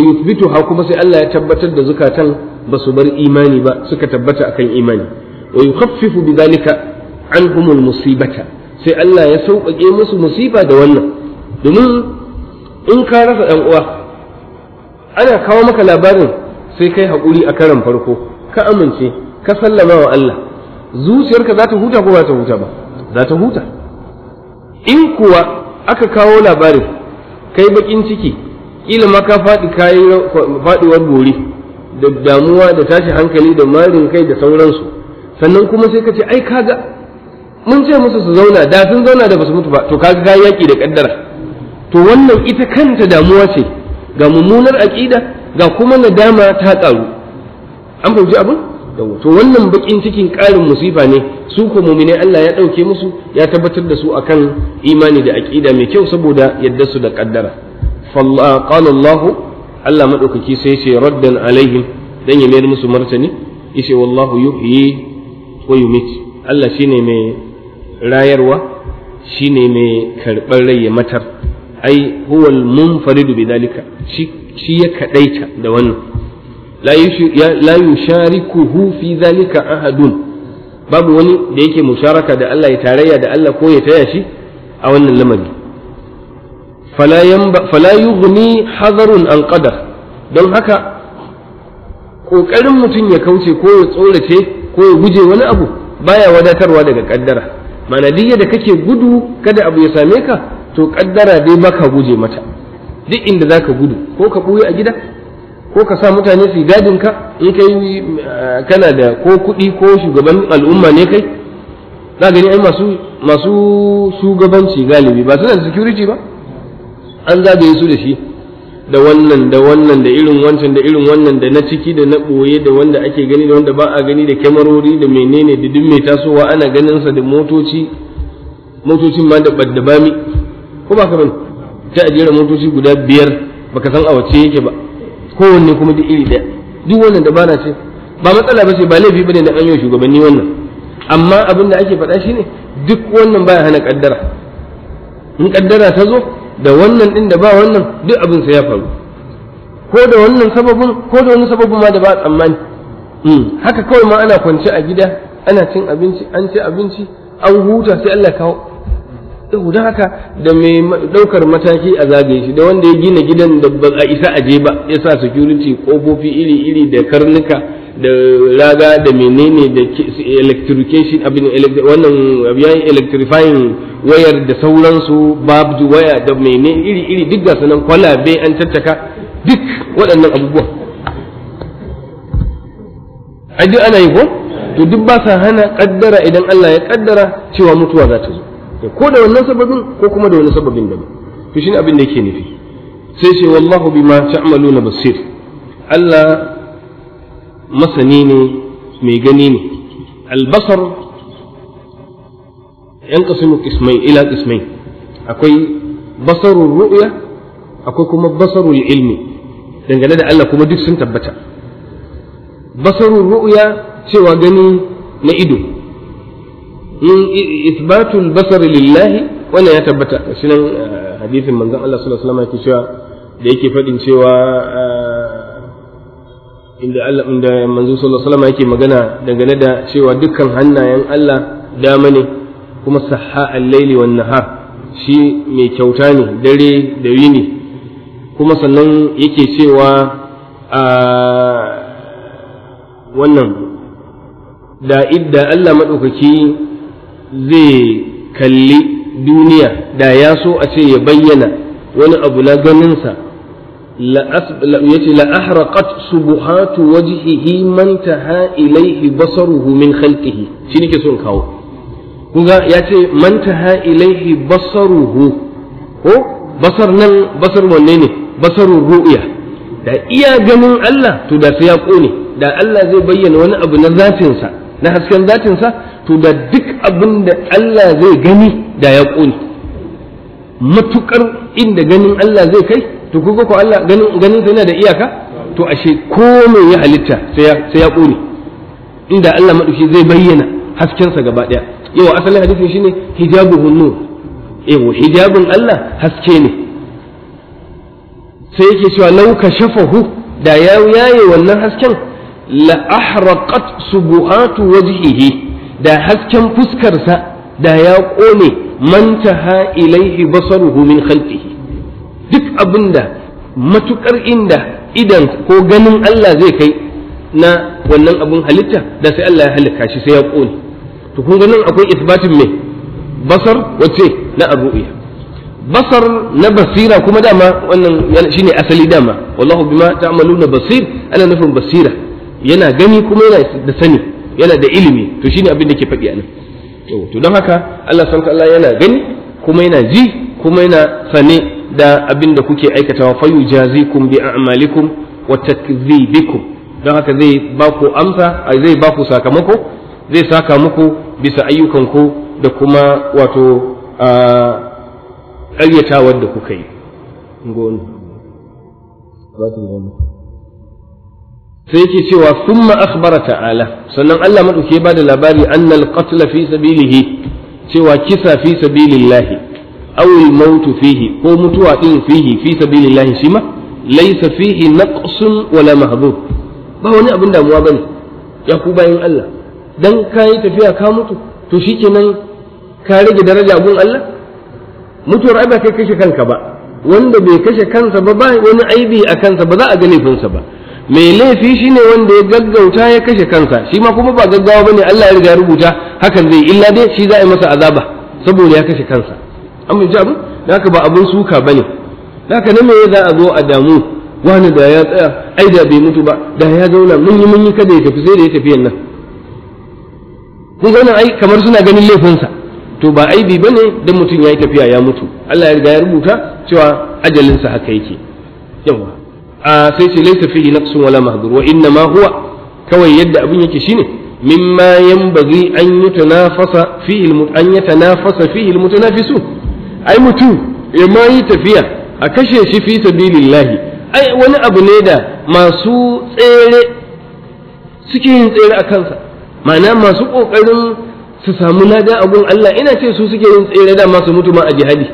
Speaker 2: yuthbitu ha kuma sai Allah ya tabbatar da zukatan ba su bar imani ba suka tabbata a kan imani wa yukhaffifu bidhalika anhumul musibata sai Allah ya sauƙaƙe musu musiba da wannan domin in ka rasa ɗan uwa ana kawo maka labarin sai kai haƙuri a karan farko ka amince ka sallama wa Allah zuciyarka za ta huta ko ba ta huta ba za ta huta in kuwa aka kawo labarin kai baƙin ciki ƙila ma ka faɗi faɗiwar bori da damuwa da tashi hankali da marin kai da sauransu sannan kuma sai ka ce ai kaga mun ce musu su zauna da sun zauna da basu mutu ba to kaga ga yaki da kaddara to wannan ita kanta damuwa ce ga mummunar aqida ga kuma nadama ta karu an fahimci abin to wannan bakin cikin karin musifa ne su ko mumine Allah ya dauke musu ya tabbatar da su akan imani da aqida mai kyau saboda yadda su da kaddara qala Allah Allah madaukaki sai ce raddan alaihim dan ya mayar musu martani yace wallahu yuhyi wa yumit Allah shine mai rayarwa shi ne mai karɓar rai ya matar ai huwal mun faridu bi dalika, shi ya kaɗaita da wannan la hu fi dhalika ahadun babu wani da yake musharaka da Allah ya tarayya da Allah ko ya taya shi a wannan lamari fala yughni hazarun an ƙadar, don haka ƙoƙarin mutum ya kauce ko ya tsorace ko ya guje wani abu baya wadatarwa daga ƙaddara. mana da kake gudu kada abu ya same ka to kaddara dai baka guje mata duk inda zaka gudu ko ka buye a gida ko ka sa mutane su gadin ka in kai eh, kana da ko kuɗi ko shugaban al'umma ne kai za gani ai masu masu shugabanci galibi ba suna security ba an zagaye su da shi da wannan da wannan da irin wancan da irin wannan da na ciki da na ɓoye da wanda ake gani da wanda ba a gani da kyamarori da menene da duk mai tasowa ana ganin sa da motoci motocin ma da bami ko ba ka bane ta ajera motoci guda biyar baka san a wace yake ba kowanne kuma duk iri ɗaya duk wannan da bana ce ba matsala ba ce ba laifi bane da an yi shugabanni wannan amma abin da ake faɗa shine duk wannan baya hana kaddara in kaddara ta zo da wannan din da ba wannan duk abin sai ya faru ko da wannan sababin ko da wani sababin ma da ba tsammani hmm. haka kawai ma ana kwance a gida ana cin abinci an ci abinci an huta sai Allah kawo to haka da mai daukar mataki a zagaye shi da wanda ya gina gidan da ba a isa aje ba ya sa security kofofi iri iri da karnuka da raga da menene da electrification abin wannan yayin electrifying wayar da sauransu babu waya da menene iri iri duk ga sanan kwalabe an tattaka duk waɗannan abubuwan ai ana yi ko to duk ba sa hana kaddara idan Allah ya kaddara cewa mutuwa za ta zo ko da wannan sababin ko kuma da wani sababin daban to shine abin da yake nufi sai sai wallahu bima ta'maluna basir Allah masani ne mai gani ne albasar yan kasimu kismai ila kismai akwai basarun ru'ya akwai kuma basarun ilmi dangane da Allah kuma duk sun tabbata basarun ru'ya cewa gani na ido in isbatul basar lillahi wannan ya tabbata shi nan hadisin manzon Allah sallallahu alaihi wasallam yake cewa da yake faɗin cewa inda Allah inda manzo sallallahu alaihi yake magana dangane da cewa dukkan hannayen Allah dama ne kuma sahha al-laili wan nahar shi mai kyauta ne dare da yini kuma sannan yake cewa a wannan da idda Allah maɗaukaki zai kalli duniya da ya so a ce ya bayyana wani abu na ganinsa yace la ahraqat subuhatu wajhihi man taha ilayhi basaruhu min khalqihi shi nake so in kawo kunga yace man taha ilayhi basaruhu ko basar nan basar wanne ne basarur ru'ya da iya ganin Allah to da sai ya ƙone da Allah zai bayyana wani abu na zatinsa na hasken zatinsa to da duk abinda Allah zai gani da ya ƙone matuƙar inda ganin Allah zai kai to kuka ko Allah ganin ganin yana da iyaka to ashe komai ya halitta sai ya ƙone inda Allah maɗauki zai bayyana haskensa gaba ɗaya yau asalin hadisin shine hijabu nur yau hijabun Allah haske ne sai yake cewa lauka ka shafahu da ya yaye wannan hasken la ahraqat subuhatu wajhihi da hasken fuskarsa da ya ƙone man taha ilaihi basaruhu min khalqihi duk abinda matukar inda idan ko ganin Allah zai kai na wannan abun halitta da sai Allah ya halaka shi sai ya kone to kun ganin akwai isbatin mai basar wace na arru'iya basar na basira kuma dama wannan shine asali dama wallahu bima ta'maluna basir ana nufin basira yana gani kuma yana da sani yana da ilimi to shine abin da ke faɗi anan to don haka Allah san Allah yana gani kuma yana ji kuma yana sane da abin da kuke aikatawa fayu jazikum bi a'malikum wa takdhibikum don haka zai ba ku amsa zai ba ku sakamako zai saka muku bisa ayyukanku da kuma wato ƙaryatawar da kuka yi sai yake cewa summa akhbara ta'ala sannan Allah madauke ba da labari annal qatla fi sabilihi cewa kisa fi sabilillahi awil mautu fihi ko mutuwa din fihi fi sabilillahi shi ma laysa fihi naqsun wala mahbub ba wani abin damuwa bane ya ku bayan Allah dan kai tafiya ka mutu to shikenan ka rage daraja abun Allah mutuwar ai ba kai kashe kanka ba wanda bai kashe kansa ba ba wani aibi a kansa ba za a ga laifinsa ba mai laifi shi ne wanda ya gaggauta ya kashe kansa Shima kuma ba gaggawa bane Allah ya rubuta hakan zai illa dai shi za a yi masa azaba saboda ya kashe kansa an bai abin da haka ba abin suka bane da haka nan me za a zo a damu wani da ya tsaya ai da bai mutu ba da ya zauna mun yi mun yi kada ya tafi sai da ya tafi nan kun ga ai kamar suna ganin laifinsa to ba aibi bane dan mutum yayi tafiya ya mutu Allah ya riga ya rubuta cewa ajalinsa haka yake yawa a sai ce laysa fihi naqsun wala mahdur wa inna ma huwa kawai yadda abin yake shine mimma yanbaghi an yutanafasa fihi an yatanafasa fihi almutanafisun ai mutum ya ma yi tafiya a kashe shi fi sabilillahi ai wani abu ne da masu tsere suke yin tsere a kansa ma'ana masu ƙoƙarin su samu lada abun Allah ina ce su suke yin tsere da masu mutu ma a jihadi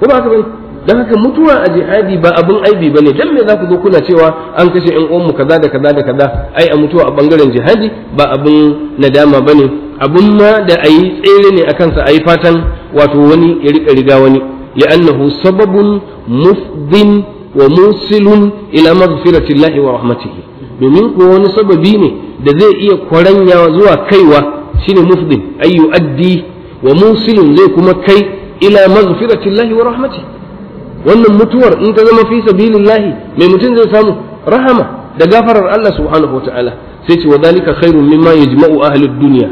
Speaker 2: ko ba haka bane dan haka mutuwa a jihadi ba abun aibi bane dan me za ku zo kuna cewa an kashe ƴan uwanmu kaza da kaza da kaza ai a mutuwa a bangaren jihadi ba abun nadama bane abun ma da a yi tsere ne a kansa a yi fatan wato wani ya riƙa riga wani li'annahu sababun mufdin wa musilun ila maghfiratillahi wa rahmatihi domin ko wani sababi ne da zai iya kwaranyawa zuwa kaiwa shine mufdin ay yu'addi wa musilun zai kuma kai ila maghfiratillahi wa rahmatihi wannan mutuwar in ta zama fi sabilillahi mai mutum zai samu rahama da gafarar Allah subhanahu wa ta'ala sai ce wa dalika khairun mimma yajma'u ahlud dunya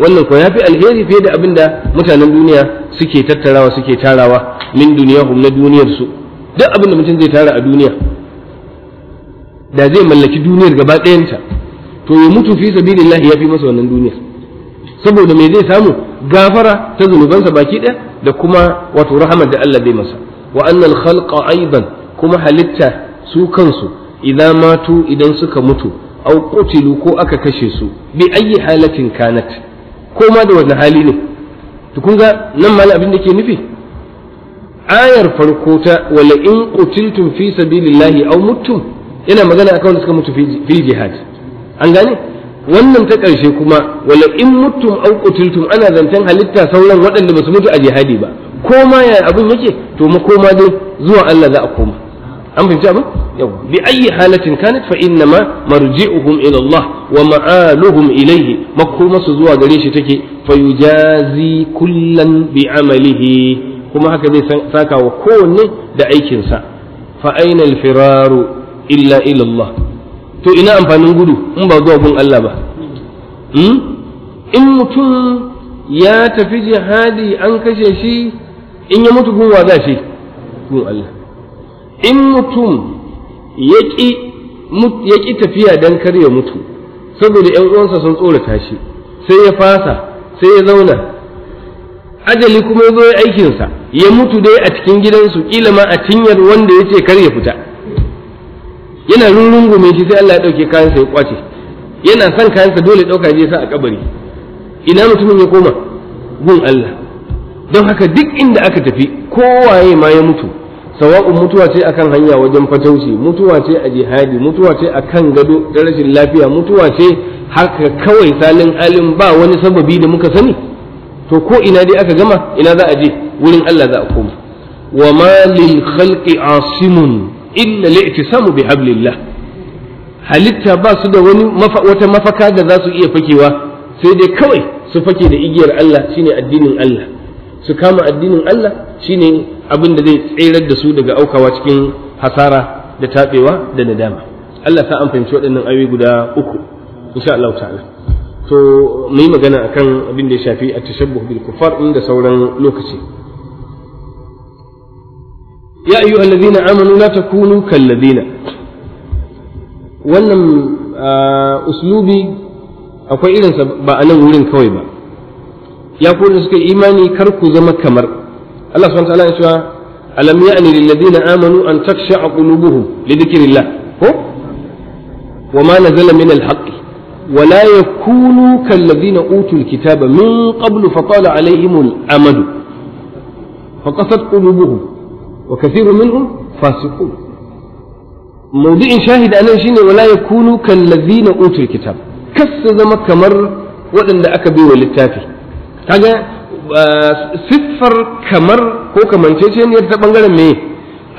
Speaker 2: wannan ko fi alheri fiye da abin da mutanen duniya suke tattarawa suke tarawa min hum na duniyar su duk abin da mutum zai tara a duniya da zai mallaki duniyar gaba ɗayanta to ya mutu fi sabilillahi ya fi masa wannan duniyar saboda me zai samu gafara ta zunubansa baki ɗaya da kuma wato rahamar da Allah bai masa wa annal khalqa aidan kuma halitta su kansu idan matu idan suka mutu au qutilu ko aka kashe su bi ayi halatin kanat ko ma da wani hali ne to kun ga nan malam abin da ke nufi ayar farko ta wala in qutiltum fi sabilillahi aw mutum yana magana akan wanda suka mutu fi jihad an gane wannan ta ƙarshe kuma wala in mutum aw qutiltum ana zantan halitta sauran waɗanda ba su mutu a jihadi ba ko ma ya abin yake to ma koma dai zuwa Allah za a koma an fahimci abin yau bi ayi halatin kanat fa inna ma marji'uhum ila Allah wa ma'aluhum ilayhi makoma su zuwa gare shi take fayujazi kullan bi amalihi kuma haka zai saka wa kowanne da aikinsa fa aina al-firaru illa ila Allah to ina amfanin gudu in ba zuwa gun Allah ba hmm? in mutum ya tafi jihadi an kashe shi in ya mutu gunwa za shi gun Allah in mutum ya ƙi tafiya dan kar ya mutu saboda ‘yan uwansa sun tsorata shi sai ya fasa sai ya zauna ajali kuma ya zo ya aikinsa ya mutu dai a cikin gidansu kila ma a cinyar wanda ya ce kar ya fita yana mai shi sai Allah ya ɗauke kayansa ya kwace yana son kayansa dole ɗauka je sa a kabari ina mutumin ya koma gun Allah don haka duk inda aka tafi kowaye ma ya mutu sawa'un mutuwa ce akan hanya wajen fatauci mutuwa ce a jihadi mutuwa ce akan gado da rashin lafiya mutuwa ce haka kawai salin alin ba wani sababi da muka sani to ko ina dai aka gama ina za a je wurin Allah za a koma wa ma lil khalqi asimun illa li'tisamu bi hablillah halitta ba su da wani wata mafaka da za su iya fakewa sai dai kawai su fake da igiyar Allah shine addinin Allah su kama addinin Allah shine abin da zai tsirar da su daga aukawa cikin hasara da taɓewa da nadama Allah sa an fahimci waɗannan ayoyi guda uku insha Allah ta'ala to mu yi magana akan abin da ya shafi a tashabbuh bil kufar inda sauran lokaci ya ayu ladina amanu la takunu kal ladina wannan uslubi akwai irinsa ba a nan wurin kawai ba ya da suka imani kar ku zama kamar الله سبحانه وتعالى يقول ألم يعني للذين آمنوا أن تخشع قلوبهم لذكر الله هو وما نزل من الحق ولا يكونوا كالذين أوتوا الكتاب من قبل فطال عليهم الأمد فقست قلوبهم وكثير منهم فاسقون موضع شاهد أنا شيني ولا يكونوا كالذين أوتوا الكتاب كس زمك مر وأن أكبي وللتافه siffar kamar ko kamanceceniyar ta ɓangaren me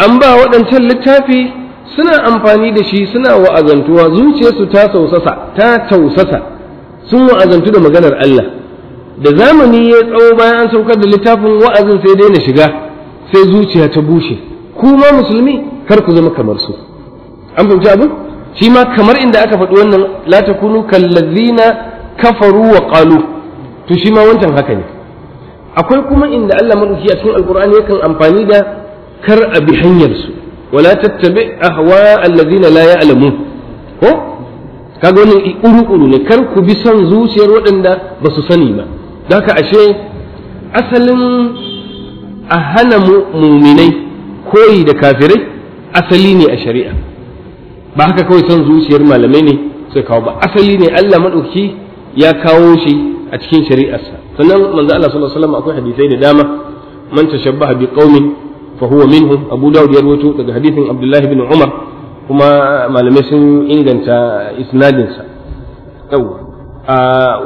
Speaker 2: an ba waɗancan littafi suna amfani da shi suna wa'azantuwa zuciyarsu ta tausasa ta tausasa sun wa'azantu da maganar Allah da zamani ya tsawo bayan an saukar da littafin wa'azin sai daina shiga sai zuciya ta bushe kuma musulmi kar ku zama kamar su an fahimci abu shi ma kamar inda aka faɗi wannan la takunu kallazina kafaru wa qalu to shi ma wancan haka ne akwai kuma inda Allah madauki a cikin alqur'ani yakan amfani da kar a bi hanyar su wala tattabi ahwa allazina la ya'lamu ko kaga wannan uru-uru ne kar ku bi son zuciyar waɗanda ba su sani ba haka ashe asalin a hana muminai koyi da kafirai asali ne a shari'a ba haka kawai son zuciyar malamai ne sai kawo ba asali ne Allah maɗauki ya kawo shi a cikin shari'arsa sannan manzo Allah sallallahu alaihi wasallam akwai hadisai da dama man tashabbaha bi qaumin fa huwa minhum Abu Dawud ya rawaito daga hadisin Abdullah ibn Umar kuma malamai sun inganta isnadin sa yawa a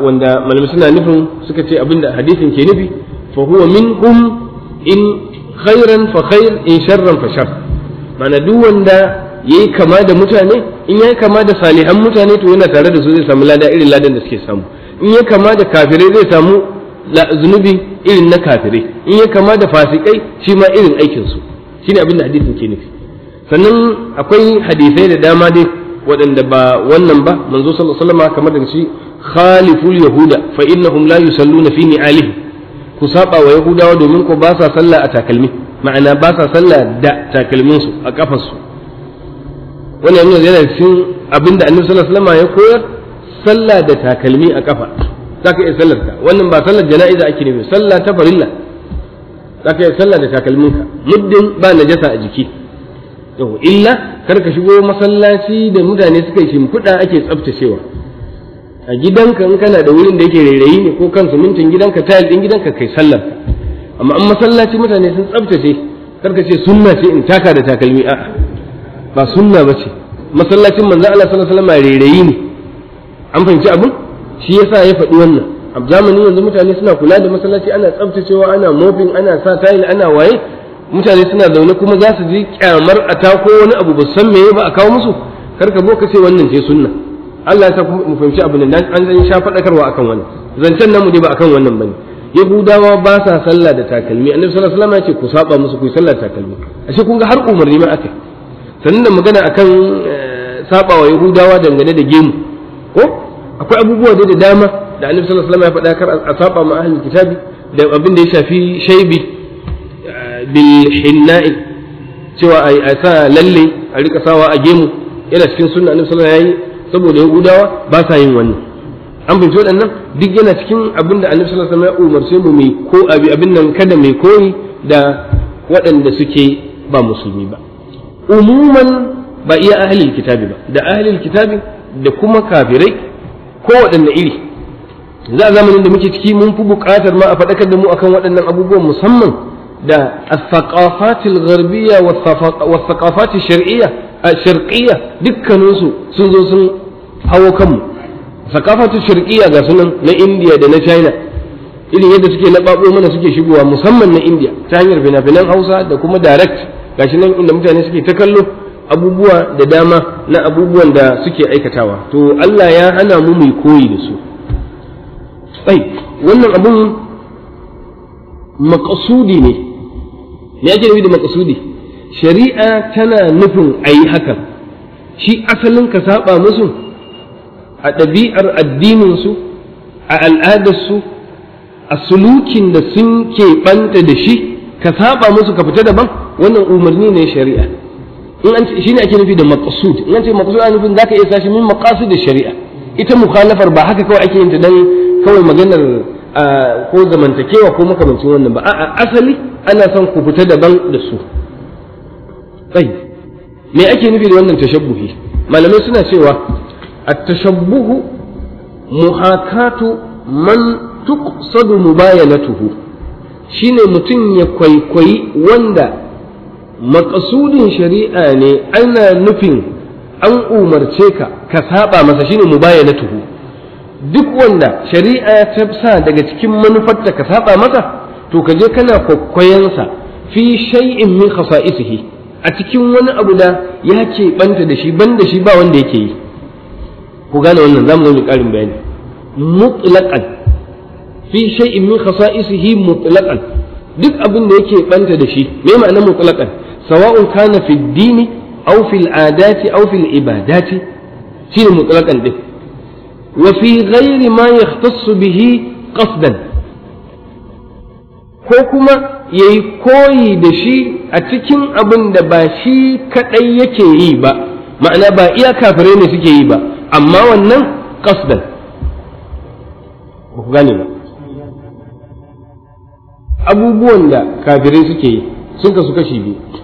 Speaker 2: wanda malamai suna nufin suka ce abinda hadisin ke nufi fa huwa minhum in khairan fa khair in sharran fa shar mana duk wanda yayi kama da mutane in yayi kama da salihan mutane to yana tare da su zai samu lada irin ladan da suke samu in ya kama da kafirai zai samu zunubi irin na kafirai in ya kama da fasikai shi ma irin aikinsu shine abin da hadisin ke nufi sannan akwai hadisai da dama dai waɗanda ba wannan ba manzo sallallahu alaihi wasallam kamar da shi khaliful yahuda fa innahum la yusalluna fi ni'alihi ku saba wa yahudawa domin ku ba sa sallah a takalmi ma'ana ba sa sallah da takalmin su a kafarsu wannan yana cikin abinda annabi sallallahu alaihi wasallam ya koyar sallah da takalmi a kafa za ka iya sallar ka wannan ba sallar jana'iza ake nufi sallah ta farilla za ka iya sallah da takalminka muddin ba najasa a jiki to illa kar ka shigo masallaci da mutane suka yi shimfiɗa ake tsaftacewa a gidanka in kana da wurin da yake rairayi ne ko kan sumintin gidanka tayil din gidanka kai sallar amma an masallaci mutane sun tsaftace kar ka ce sunna ce in taka da takalmi a ba sunna ba ce masallacin manzo Allah sallallahu alaihi wasallam rairayi ne an fahimci abin shi yasa ya faɗi wannan a zamanin yanzu mutane suna kula da masallaci ana tsaftacewa ana mopping ana sa tile ana waye mutane suna zaune kuma za su ji kyamar a tako wani abu ba san meye ba a kawo musu kar ka ka ce wannan ce sunna Allah ya sa mu fahimci abin nan an zan sha fadakarwa akan wannan zancen namu dai ba akan wannan bane yahudawa ba sa sallah da takalmi annabi sallallahu alaihi wasallam ya ce ku saba musu ku yi sallah da takalmi ashe kun ga har umarni ma akai sannan da magana akan eh, saba wa yahudawa dangane da gemu ko akwai abubuwa da dama da annabi sallallahu alaihi wasallam ya faɗa kar a saba ma ahlul kitabi da abin da ya shafi shaibi eh, bil hinna'i cewa a sa lalle a rika sawa a gemu yana cikin sunna annabi sallallahu alaihi wasallam yayi saboda yahudawa ba sa yin wannan an fahimci waɗannan duk yana cikin abin da annabi sallallahu alaihi wasallam ya umarce mu mai ko abin nan kada mai koyi da waɗanda suke ba musulmi ba umuman ba iya ahlul kitabi ba da ahlul kitabi da kuma kafirai kowaɗanne iri za a zamanin da muke ciki mun fi buƙatar ma a faɗakar da mu akan waɗannan abubuwan musamman da al-thaqafatil wa thaqafatil shar'iyya sharqiyya sun zo sun hawo kanmu thaqafatil sharqiyya ga sunan na India da na China irin yadda suke laɓaɓo mana suke shigowa musamman na Indiya ta hanyar fina-finan Hausa da kuma direct gashi nan inda mutane suke ta kallo abubuwa da dama na abubuwan da suke aikatawa to Allah ya hana mu mai koyi da su ai wannan abun makasudi ne me ake nufi da makasudi shari'a tana nufin ayi haka shi asalin ka saba musu a ɗabi'ar addinin su a al'adar su a sulukin da sun keɓanta da shi ka saba musu ka fita daban wannan umarni ne shari'a in an ne ake nufi da maqsud in an ce maqsud ana nufin zaka iya sashi min maqasid da shari'a ita mukhalafar ba haka kawai ake yin ta dan kawai maganar ko zamantakewa ko makamancin wannan ba a'a asali ana son ku fita daban da su me ake nufi da wannan tashabbuhi malamai suna cewa at-tashabbuhu muhakatu man tuqsadu mubayanatuhu shine mutum ya kwaikwayi wanda makasudin shari'a ne ana nufin an umarce ka ka saba masa shine tuhu duk wanda shari'a ta sa daga cikin manufarta ka saba masa to ka je kana kwakwayensa fi shay'in min khasa'isihi a cikin wani abu da ya ke banta da shi ban da shi ba wanda yake yi ku gane wannan zamu zo karin bayani mutlaqan fi shay'in min khasa'isihi mutlaqan duk abin da yake banta da shi me ma'anar mutlaqan sawa'un kana fi dini aw fil adati aw fil ibadati shine mutlaqan din wa fi ghairi ma yahtassu bihi qasdan ko kuma yayi koyi da shi a cikin abin da ba shi kadai yake yi ba ma'ana ba iya kafirai ne suke yi ba amma wannan qasdan ku gane ba abubuwan da kafirai suke yi sun kasu kashi biyu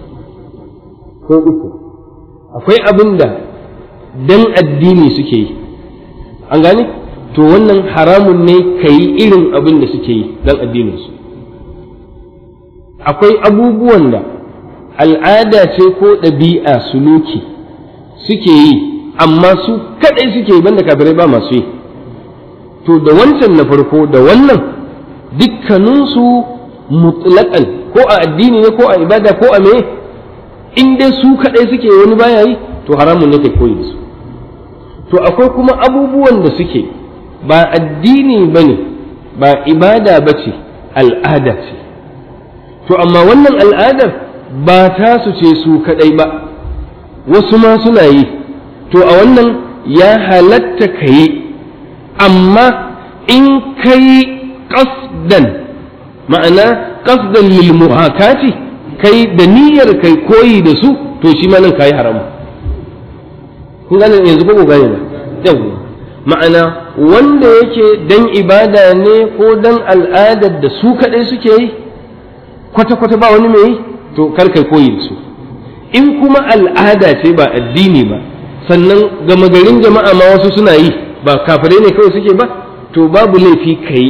Speaker 2: ko uku akwai abin da dan addini suke yi an gani? to wannan haramun ne ka yi irin abin da suke yi dan addininsu akwai abubuwan da al'ada ce ko ɗabi'a suluki suke yi amma su kaɗai suke yi banda kafirai ba masu yi to da wancan na farko da wannan dukkaninsu mutlaƙan ko a addini ne ko a ibada ko a me in dai su kaɗai suke wani baya yi to haramun ne kai koyi su to akwai kuma abubuwan da suke ba addini ba ne ba ibada ba ce al'ada ce to amma wannan al'adar ba ta su ce su kaɗai ba wasu ma suna yi to a wannan ya halatta ka yi amma in ka yi ƙasdan ma'ana ƙasdan lil muhakati kai da niyyar kai koyi da su to shi ma nan kayi haramu kun gane yanzu ko gane ba yawa ma'ana wanda yake dan ibada ne ko dan al'adar da su kadai suke yi kwata kwata ba wani mai to kar kai koyi da su in kuma al'ada ce ba addini ba sannan gama garin jama'a ma wasu suna yi ba kafirai ne kawai suke ba to babu laifi kai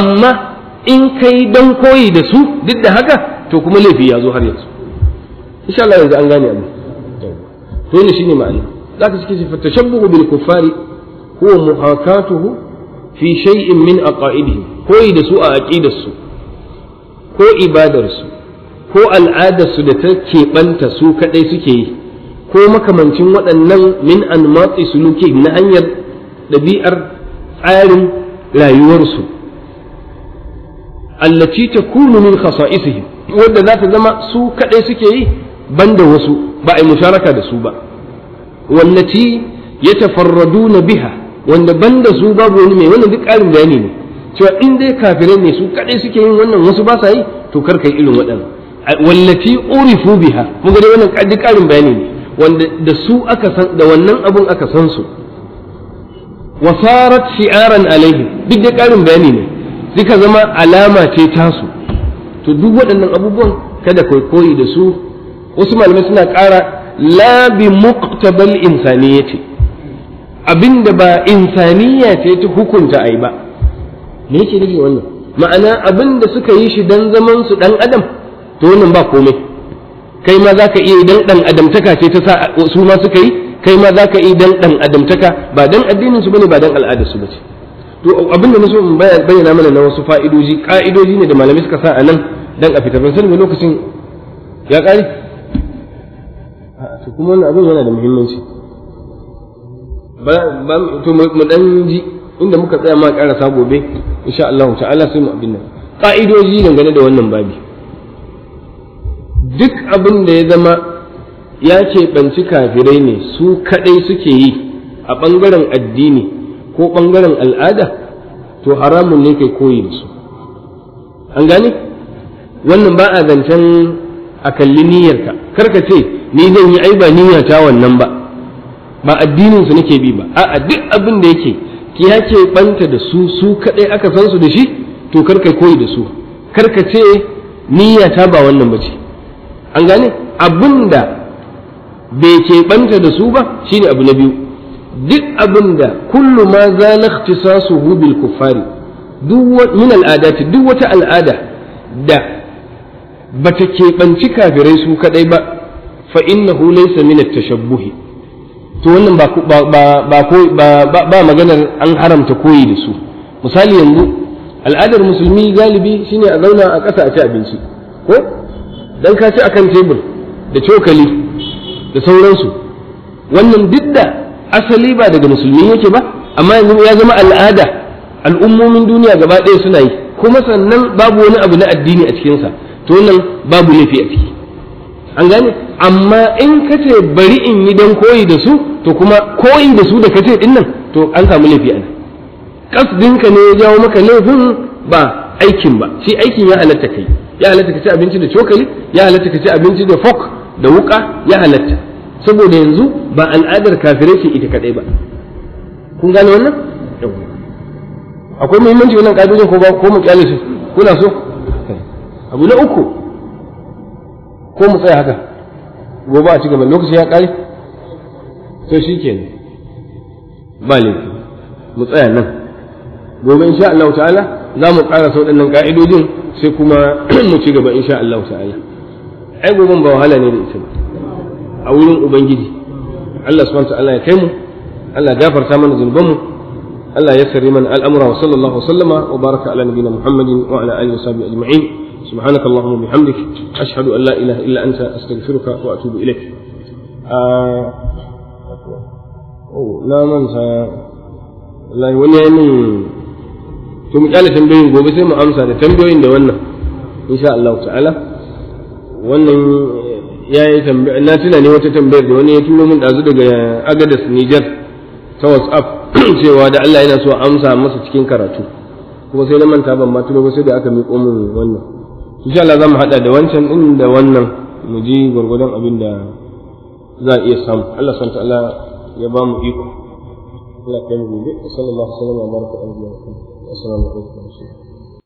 Speaker 2: amma in kai dan koyi da su duk da haka to kuma laifi ya zo har yanzu insha Allah yanzu an gane amma to ne shine ma'ana zaka suke fa tashabbuhu bil kuffari huwa muhakatuhu fi shay'in min aqaidihim koyi da su a aqidarsu ko ibadarsu ko al'adarsu da ta keɓanta su kaɗai suke yi ko makamancin waɗannan min an suluki na hanyar ɗabi'ar tsarin rayuwarsu allaci ta kunu min khasa'isihim wadda za ta zama su kaɗai suke yi da wasu ba a yi musharaka da su ba wallati ya tafarradu na biha wanda ban da su babu wani mai wannan duk ƙarin bayani ne cewa in dai kafirai ne su kaɗai suke yin wannan wasu ba sa yi to kar ka yi irin waɗannan wallati urifu biha mun ga dai wannan duk ƙarin bayani ne wanda da su aka san da wannan abun aka san su wa sarat shi'aran alaihim duk da ƙarin bayani ne suka zama alama ce tasu to duk waɗannan abubuwan kada kai koyi da su wasu malamai suna ƙara la bi muqtabal insaniyati abinda ba insaniya ce ta hukunta ai ba me yake nufi wannan ma'ana abinda suka yi shi dan zaman su dan adam to wannan ba komai kai ma zaka iya idan dan adamtaka ce ta sa su ma suka yi kai ma zaka iya idan dan adamtaka ba dan addinin su bane ba dan al'adar su bace to abinda na so in bayyana mana na wasu fa'idoji ka'idoji ne da malamai suka sa a nan dan a fita ban sani lokacin ya ƙare to kuma wannan abin yana da muhimmanci to mu dan ji inda muka tsaya ma karasa gobe insha Allah ta'ala sai mu abin nan Ka'idoji dangane da wannan babi duk abin da ya zama ya ce banci kafirai ne su kadai suke yi a ɓangaren addini ko ɓangaren al'ada to haramun ne kai koyi da su an gane wannan ba a zancen a kalli niyyarka kar ka ce ni zan yi ai ba niyya ta wannan ba ba addinin su nake bi ba a'a duk abin da yake ki yake banta da su su kadai aka san su da shi to kar koyi da su kar ka ce niyya ta ba wannan ba ce an gane abin da bai ke banta da su ba shine abu na biyu duk abin da kullu ma zala ku bil kuffari duk wata al'ada da ba ta keɓanci kafirai su kaɗai ba fa innahu laysa min at-tashabbuhi to wannan ba ba ba ba maganar an haramta koyi da su misali yanzu al'adar musulmi galibi shine a zauna a ƙasa a ci abinci ko dan ka ci akan tebur da cokali da sauransu wannan duk da asali ba daga musulmi yake ba amma yanzu ya zama al'ada al'ummomin duniya gaba ɗaya suna yi kuma sannan babu wani abu na addini a cikinsa to nan babu laifi a ciki an gane amma in ka ce bari in yi don koyi da su to kuma koyi da su da ka ce din nan to an samu laifi a nan kasdinka ne ya jawo maka laifin ba aikin ba shi aikin ya halatta kai ya halatta ka ci abinci da cokali ya halatta ka ci abinci da fok da wuka ya halatta saboda yanzu ba al'adar kafirai ce ita kadai ba kun gane wannan akwai muhimmanci wannan kadojin ko ba ko mu kyale su kuna so abu na uku ko mu tsaya haka gobe a cigaba lokaci ya kare to shi ke ba laifi mu tsaya nan gobe insha Allah ta'ala za mu ƙara sau ɗannan ƙa'idojin sai kuma mu ci gaba insha Allah ta'ala ai goben ba wahala ne da ita ba a wurin ubangiji Allah subhanahu ta'ala ya kai mu Allah gafarta mana zunubanmu Allah ya sare mana al'amura wa sallallahu wa sallama wa baraka ala nabiyina Muhammadin wa ala alihi wa sahbihi ajma'in سبحانك اللهم وبحمدك أشهد أن لا إله إلا أنت أستغفرك وأتوب إليك آه لا منسى لا ونعم to mu kyale tambayoyin gobe sai mu amsa da tambayoyin da wannan insha Allah ta'ala wannan ya yi tambaya na tuna ne wata tambayar da wani ya tuno min dazu daga Agadas Niger ta WhatsApp cewa da Allah yana so amsa masa cikin karatu kuma sai na manta ban ma tuno ba sai da aka miƙo min wannan insha Allah za mu haɗa da wancan inda da wannan mu ji gwargwadon abin da za a iya samu Allah san ta Allah ya ba mu iko Allah kai mu gobe sallallahu alaihi wa sallam wa baraka alaihi wa sallam assalamu
Speaker 1: alaikum